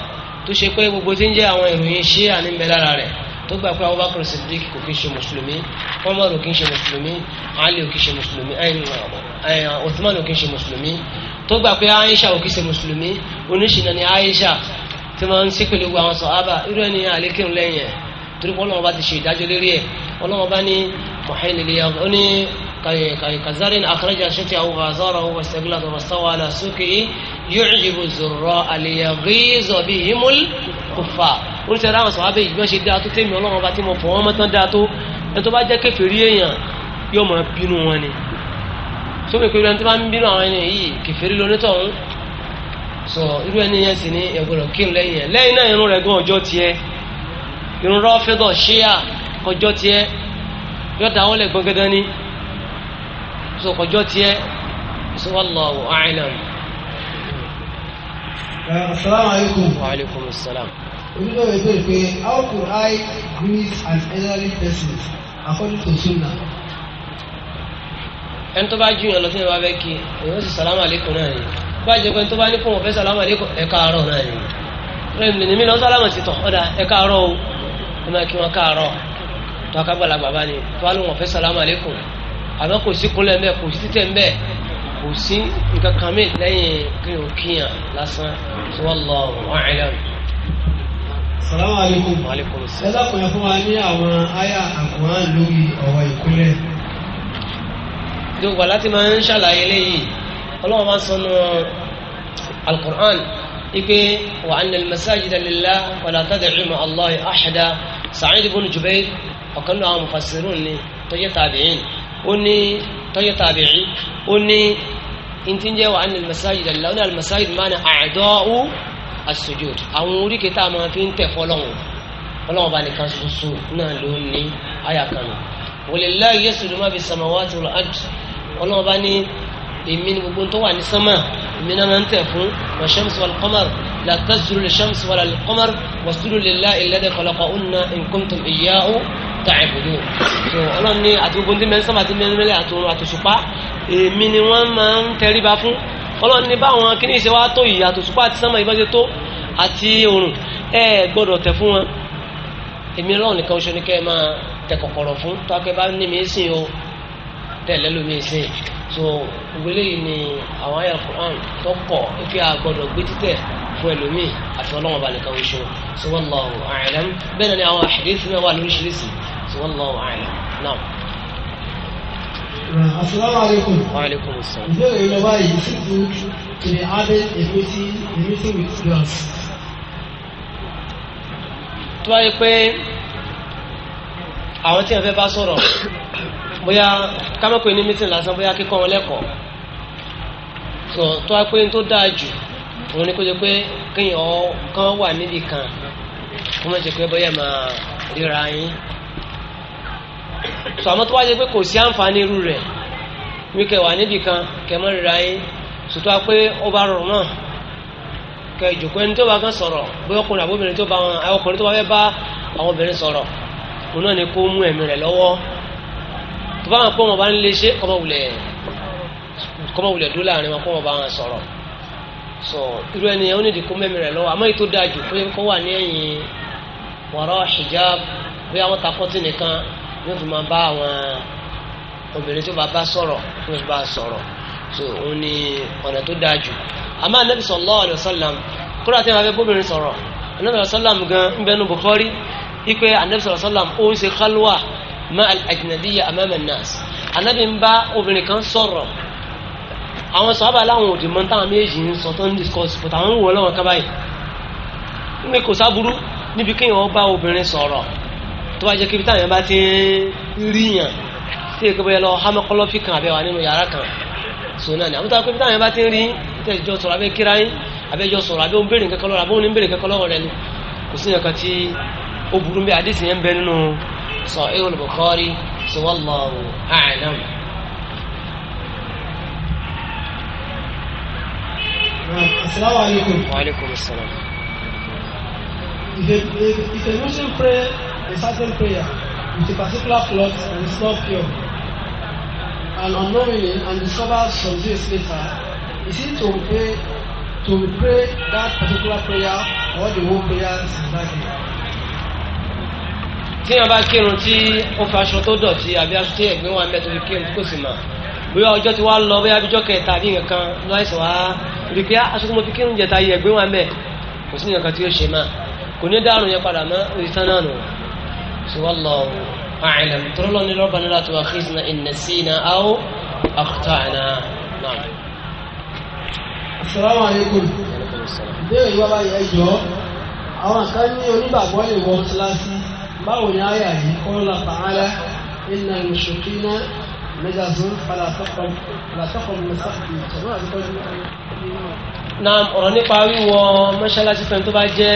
tó ṣe pé gbogbo tí ń jẹ́ àwọn ìròyìn ṣíà ní ń bẹ lára rẹ̀ tó gbà pé Abubakar Siddiq kò kí ń ṣe mùsùlùmí Umar kì í ṣe mùsùlùmí Ali kì í ṣe mùsùlùmí Uthman kì í ṣe mùsùlùmí tó gbà pé Aisha kì í ṣe mùsùlùmí oníṣìnà ni Aisha tí wọ́n ń sí pẹ̀lú gbogbo àwọn sọ̀hábà irú ẹni àlékèrún lẹ́yìn ẹ̀ torí pé ọlọ́wọ́n bá ti ṣe ìdájọ́ lérí ẹ̀ ọlọ́wọ́n bá ní mọ̀hẹ́nìlẹ́yà ó ní كزرع أخرج شتى وغازاره واستبلغ واستوى على سوقه يعجب الزراء ليغيظ بهم الكفار wọ́n ṣe ráwọn sọ̀hábẹ́ yìí wọ́n ṣe dáa tó tẹ́mi ọlọ́run ọba tí mo fọ̀ wọ́n mọ́tán dáa tó ẹni tó bá jẹ́ kèfèrí èèyàn yóò máa bínú wọn ni sómi pé ẹni tó bá ń bínú àwọn ẹni yìí kèfèrí lónítọ̀hún sọ irú ẹni yẹn sì ní ẹ̀gbọ́dọ̀ irun rọ́fídọ̀ ṣíà kọjọ́ tiẹ́ yọ̀tà àwọn lẹ́gbọ́n gẹ́gẹ́ ni sọ kọjọ́ tiẹ́ sọ wallahu a'lam. asalaamualeykum. wa aleykum salaam. olùdó rẹ̀ bẹ̀rẹ̀ pé how could I greet an elderly person according to sunnah. ẹni tó bá jù yàn lọ sí ìwà bẹ́ẹ̀ kí òun sì salamu náà ni bá jẹ́ pé ẹni tó bá ní kó wọn fẹ́ salamu aleykum ẹ̀ka náà ni rẹ̀ ní mi lọ salamu sí tọ̀ ọ̀dà ẹ̀ka àárọ̀ o ẹ máa kí wọn káàárọ̀ tó akágbàlagbà bá ní tó wà lóun ọ̀fẹ́ salamu aleykum àmọ́ kò sí kúnlẹ̀ ń bẹ̀ kò sí títẹ̀ ń bẹ̀ kò sí nǹkan kan mí lẹ́yìn kí n kíyàn lásán tí wọ́n lọ wọ́n ẹ̀ lẹ́nu. salamu aleykum aleykum ẹ dákun ẹ fún wa ní àwọn àyà àkùnrin lórí ọ̀rọ̀ ìkúnlẹ̀. gbogbo aláti máa ń ṣàlàyé léyìí ọlọ́run máa sọ nù alukur'an ike wa anil masajida lillah wala tad'u ma allahi ahada. Sa'id ibn Jubayr ọ̀kan náà àwọn mufassirun ni tọ́jẹ́ tabi'in ó ní tọ́jẹ́ tabi'in ó ní ntí ń jẹ́ wa anil masajid lillah ó ní al-masajid máa ní a'da'u as-sujud àwọn oríkèé tá a máa fi ń tẹ̀ fọlọ́hùn fọlọ́hùn bá nìkan ṣoṣo náà ló ń ní àyà kan nù walillahi yasjudu ma fi samawati wal ard fọlọ́hùn bá ní èmi ni gbogbo tó wà ní sánmà èmi náà máa ń tẹ̀ fún wa shamsu wal qamar لا تسجدوا للشمس ولا للقمر واسجدوا لله الذي خلقهن إن كنتم إياه تعبدون so ọlọ́run ní àti gbogbo ndínmẹ́ sábà ti mẹ́rin mẹ́lẹ́ àtòrun àtòṣùpá èmi ni wọ́n máa ń tẹríba fún ọlọ́run ní báwọn kíní ìṣe wa tó yìí àtòṣùpá àti sánmà ìbọn ṣe tó àti òrùn ẹ gbọ́dọ̀ tẹ̀ fún wọn èmi ọlọ́run nìkan oṣù ni kẹ́ ẹ máa tẹ kọ̀kọ̀rọ̀ fún tó akẹ́ bá ní mi sìn o tẹ̀lé lómi sìn so ìwé lẹ́yìn ni àwọn ayé Al-Qur'an tó kọ̀ ẹ fi àgbọ̀dọ̀ gbé títẹ̀ fún ẹlòmíì àti ọlọ́wọ́n balẹ̀ kan oṣù so wallahu a'lam bẹ́ẹ̀ ni àwọn àṣírísí náà wà lóríṣiríṣi so wallahu a'lam náà. Uh, asalaamualeykum. wa aleykum salaam. ìbéèrè lọ báyìí síbu to dey added a meeting a meeting with girls. tó bá yẹ pé àwọn tí wọn fẹ́ bá sọ̀rọ̀ bóyá kámẹ́pẹ́ ní meeting lásán bóyá kíkọ́ wọn lẹ́kọ̀ọ́ tó wá pé n tó dáa jù òun ni kó jẹ pé kéèyàn kan wà níbì kan kó má jẹ pé bóyá máa ríra yín sọ àmọ́ tó wá jẹ pé kò sí àǹfààní irú rẹ̀ wí kẹ wà níbì kan kẹ má ríra yín sòtú wa pé ó bá rọrùn náà kẹ ìjòkó ẹni tó bá kàn sọ̀rọ̀ bóyá ọkùnrin àbí obìnrin tó bá wọn ọkùnrin tó bá fẹ́ bá àwọn obìnrin sọ̀rọ̀ òun náà ni kó mú ẹ̀mí rẹ̀ lọ́wọ́ tó bá wọn pé wọn bá ń lè ṣe kọ́mọ̀wulẹ̀ kọ́mọ̀wulẹ̀ dúró láàrin wọn kó wọn bá wọn sọ̀rọ̀ so irú ẹni ó nídìí kó mẹ́mi rẹ̀ lọ́wọ́ àmọ́ èyí tó dáa jù pé kó wà ní ẹ̀yìn wàrà hijab bí àwọn takọ́tì nìkan ní òfin máa bá àwọn obìnrin tó bá bá sọ̀rọ̀ tó bá sọ̀rọ̀ so òun ni ọ̀nà tó dáa jù àmọ́ anabi sallallahu alayhi wa sallam kúrò àti àwọn abẹ́bóbìnrin sọ̀rọ̀ anabi sallallahu alayhi wa gan ń bẹnu Bukhari ipe anabi sallallahu alayhi wa sallam ó ń ṣe khalwa ma al-ajnabiyya amama an-nas anabi ń bá obìnrin kan sọ̀rọ̀ àwọn sọ́ọ́bà láwọn òdì mọ́ táwọn méjì ń sọ tó ń discuss but àwọn ń wọ lọ́wọ́ ká báyìí ń kò sábúrú níbi kéèyàn bá obìnrin sọ̀rọ̀ tó bá jẹ́ kí ibi yẹn bá ti ń rí yàn tí èkó bẹ́ẹ̀ lọ hámọ́kọ́lọ́fì kan àbẹ́wà nínú yàrá kan sọ náà ni àwọn tó bá pé ibi táwọn yẹn bá ti ń rí tẹ̀síjọ́ sọ̀rọ̀ abẹ́ kíra yín abẹ́jọ́ sọ̀rọ̀ abẹ́ òun bèrè kankan lọ́wọ́ abẹ́ òun ní bèrè kankan lọ́wọ́ rẹ ni kò sí nǹkan tí ó burú bí àdìsí yẹn ń bẹ Bukhari sọ wallahu a'lam. Assalamu alaikum. Wa alaikum assalam. If a, if, if a Muslim pray a certain prayer with a particular plot and stop not and unknowingly and discovers some days later, is it to pray to pray that particular prayer or the whole prayer similarly? Tí wọ́n bá kírun tí ó fa aṣọ tó dọ̀tí àbí aṣọ tí ẹ̀gbin wà mẹ́tò fi kírun kò sì máa bóyá ọjọ́ ti wá lọ bóyá bíjọ́ kẹta ní nǹkan lọ àìsàn wá rí pé ah, aṣọ́kú mo fi kírun jẹta yẹ gbé wọn bẹ̀ kò sí nǹkan tí ó ṣe máa kò ní dárùn yẹn padà mọ́ ìtàn náà nù wallahu a'lam tọ́lọ́ ní rabbana la tu'akhizna in nasina aw akhta'na náà. assalamu alaikum ìbéèrè yìí wábà yẹ jọ àwọn kan ní onígbàgbọ́ lè wọ kíláàsì báwo ni àyà yìí kọ́ مجاز فلا تقم فلا تقم من سخطه naam ọ̀rọ̀ nípa wíwọ mọ́ṣáláṣí fẹ́ tó bá jẹ́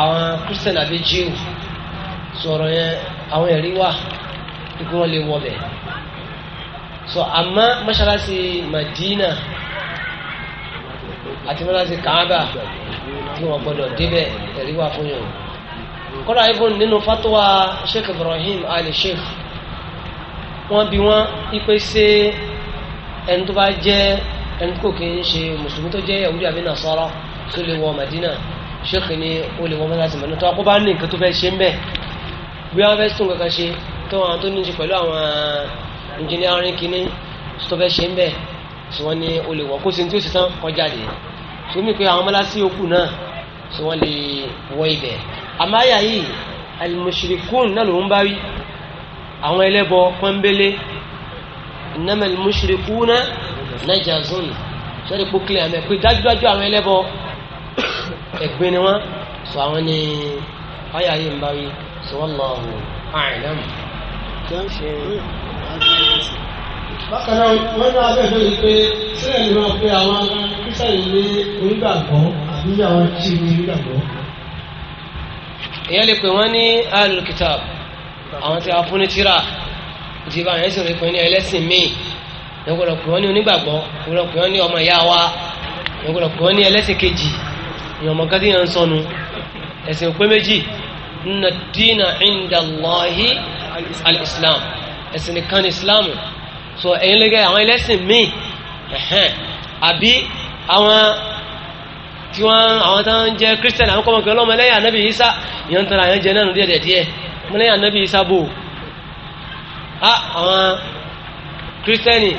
àwọn christian àbí jew sọ̀rọ̀ yẹn àwọn ẹ̀rí wà kíkú wọn lè wọbẹ̀ sọ àmọ́ mọ́ṣáláṣí madina àti mọ́ṣáláṣí kaaba tí wọ́n gbọ́dọ̀ débẹ̀ ẹ̀rí wà fún yòó kọ́ra ibùn nínú fatwa sheikh ibrahim ali sheikh wọ́n bi wọ́n ipe ṣé ẹni tó bá jẹ́ ẹni kò kí ń ṣe mùsùlùmí tó jẹ́ yahudi àbí nasara tó lè wọ madina ṣéèkì ni ó lè wọ mọ́sáàsì mọ́ni tó akó bá ní nǹkan tó fẹ́ ṣe ń bẹ̀ bí wọ́n fẹ́ sùn kankan ṣe tó àwọn tó ní ṣe pẹ̀lú àwọn engineering kìíní tó fẹ́ ṣe ń bẹ̀ tí wọ́n ní ó lè wọ kó sin tí ó sì tán kọjá lè tó mí pé àwọn mọ́láṣí òkú náà tí wọ́n lè wọ ibẹ̀ àmáyà yìí alimusirikun náà lòún bá wí àwọn ẹlẹ́bọ pọ́nbélé innamal mushrikuna najazun sọ́ọ́dì kó kílẹ̀ àmì pé dájúdájú àwọn ẹlẹ́bọ [coughs] ẹ̀gbin ni wọ́n sọ àwọn ni ọ̀yà yìí ń bá wí sọ wallahu a'lam. bákan náà wọ́n ní abẹ́fẹ́ yìí pé sílẹ̀ ni wọ́n pe àwọn kírísítẹ́nì ní onígbàgbọ́ àbí àwọn jíì ní onígbàgbọ́. ìyá lè pè wọ́n ní alùkìtàbù àwọn tí a fún ní tíra ìjìbá yẹn sì rí pé ní ẹlẹ́sìn míì yẹn gbọ́dọ̀ pè wọ́n ní onígbàgbọ́ gbọ́dọ̀ pè wọ́n ní ọmọ ìyá wa yẹn pè wọ́n ní ẹlẹ́sìn kejì ìyẹn ọmọ kátí yẹn ń sọnù ẹ̀sìn òpé méjì nínú dínà ìndàlọ́hí alìsílám ẹ̀sìn nìkan ní islam so ẹ̀yin lẹ́gẹ́ àwọn ẹlẹ́sìn míì àbí àwọn tí wọ́n àwọn tó ń jẹ́ kírísítẹ̀nì àwọn kọ́mọkẹ́ ọlọ́mọ ẹlẹ́yà anábì Ìsá mo ní ànábì ìsàbò á àwọn kírísítẹ́nì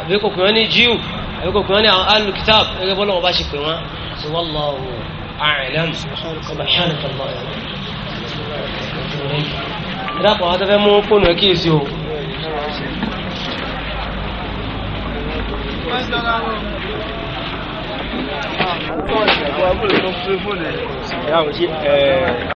àbí kò pè wọ́n ní jíù àbí kò pè wọ́n ní àwọn alukitab gẹ́gẹ́ bọ́lá wọn bá ṣe pè wọ́n sọ wọ́n lọ ìdápọ̀ àwọn afẹ́fẹ́ mú fóònù ẹ̀ kíyèsí o. Ah,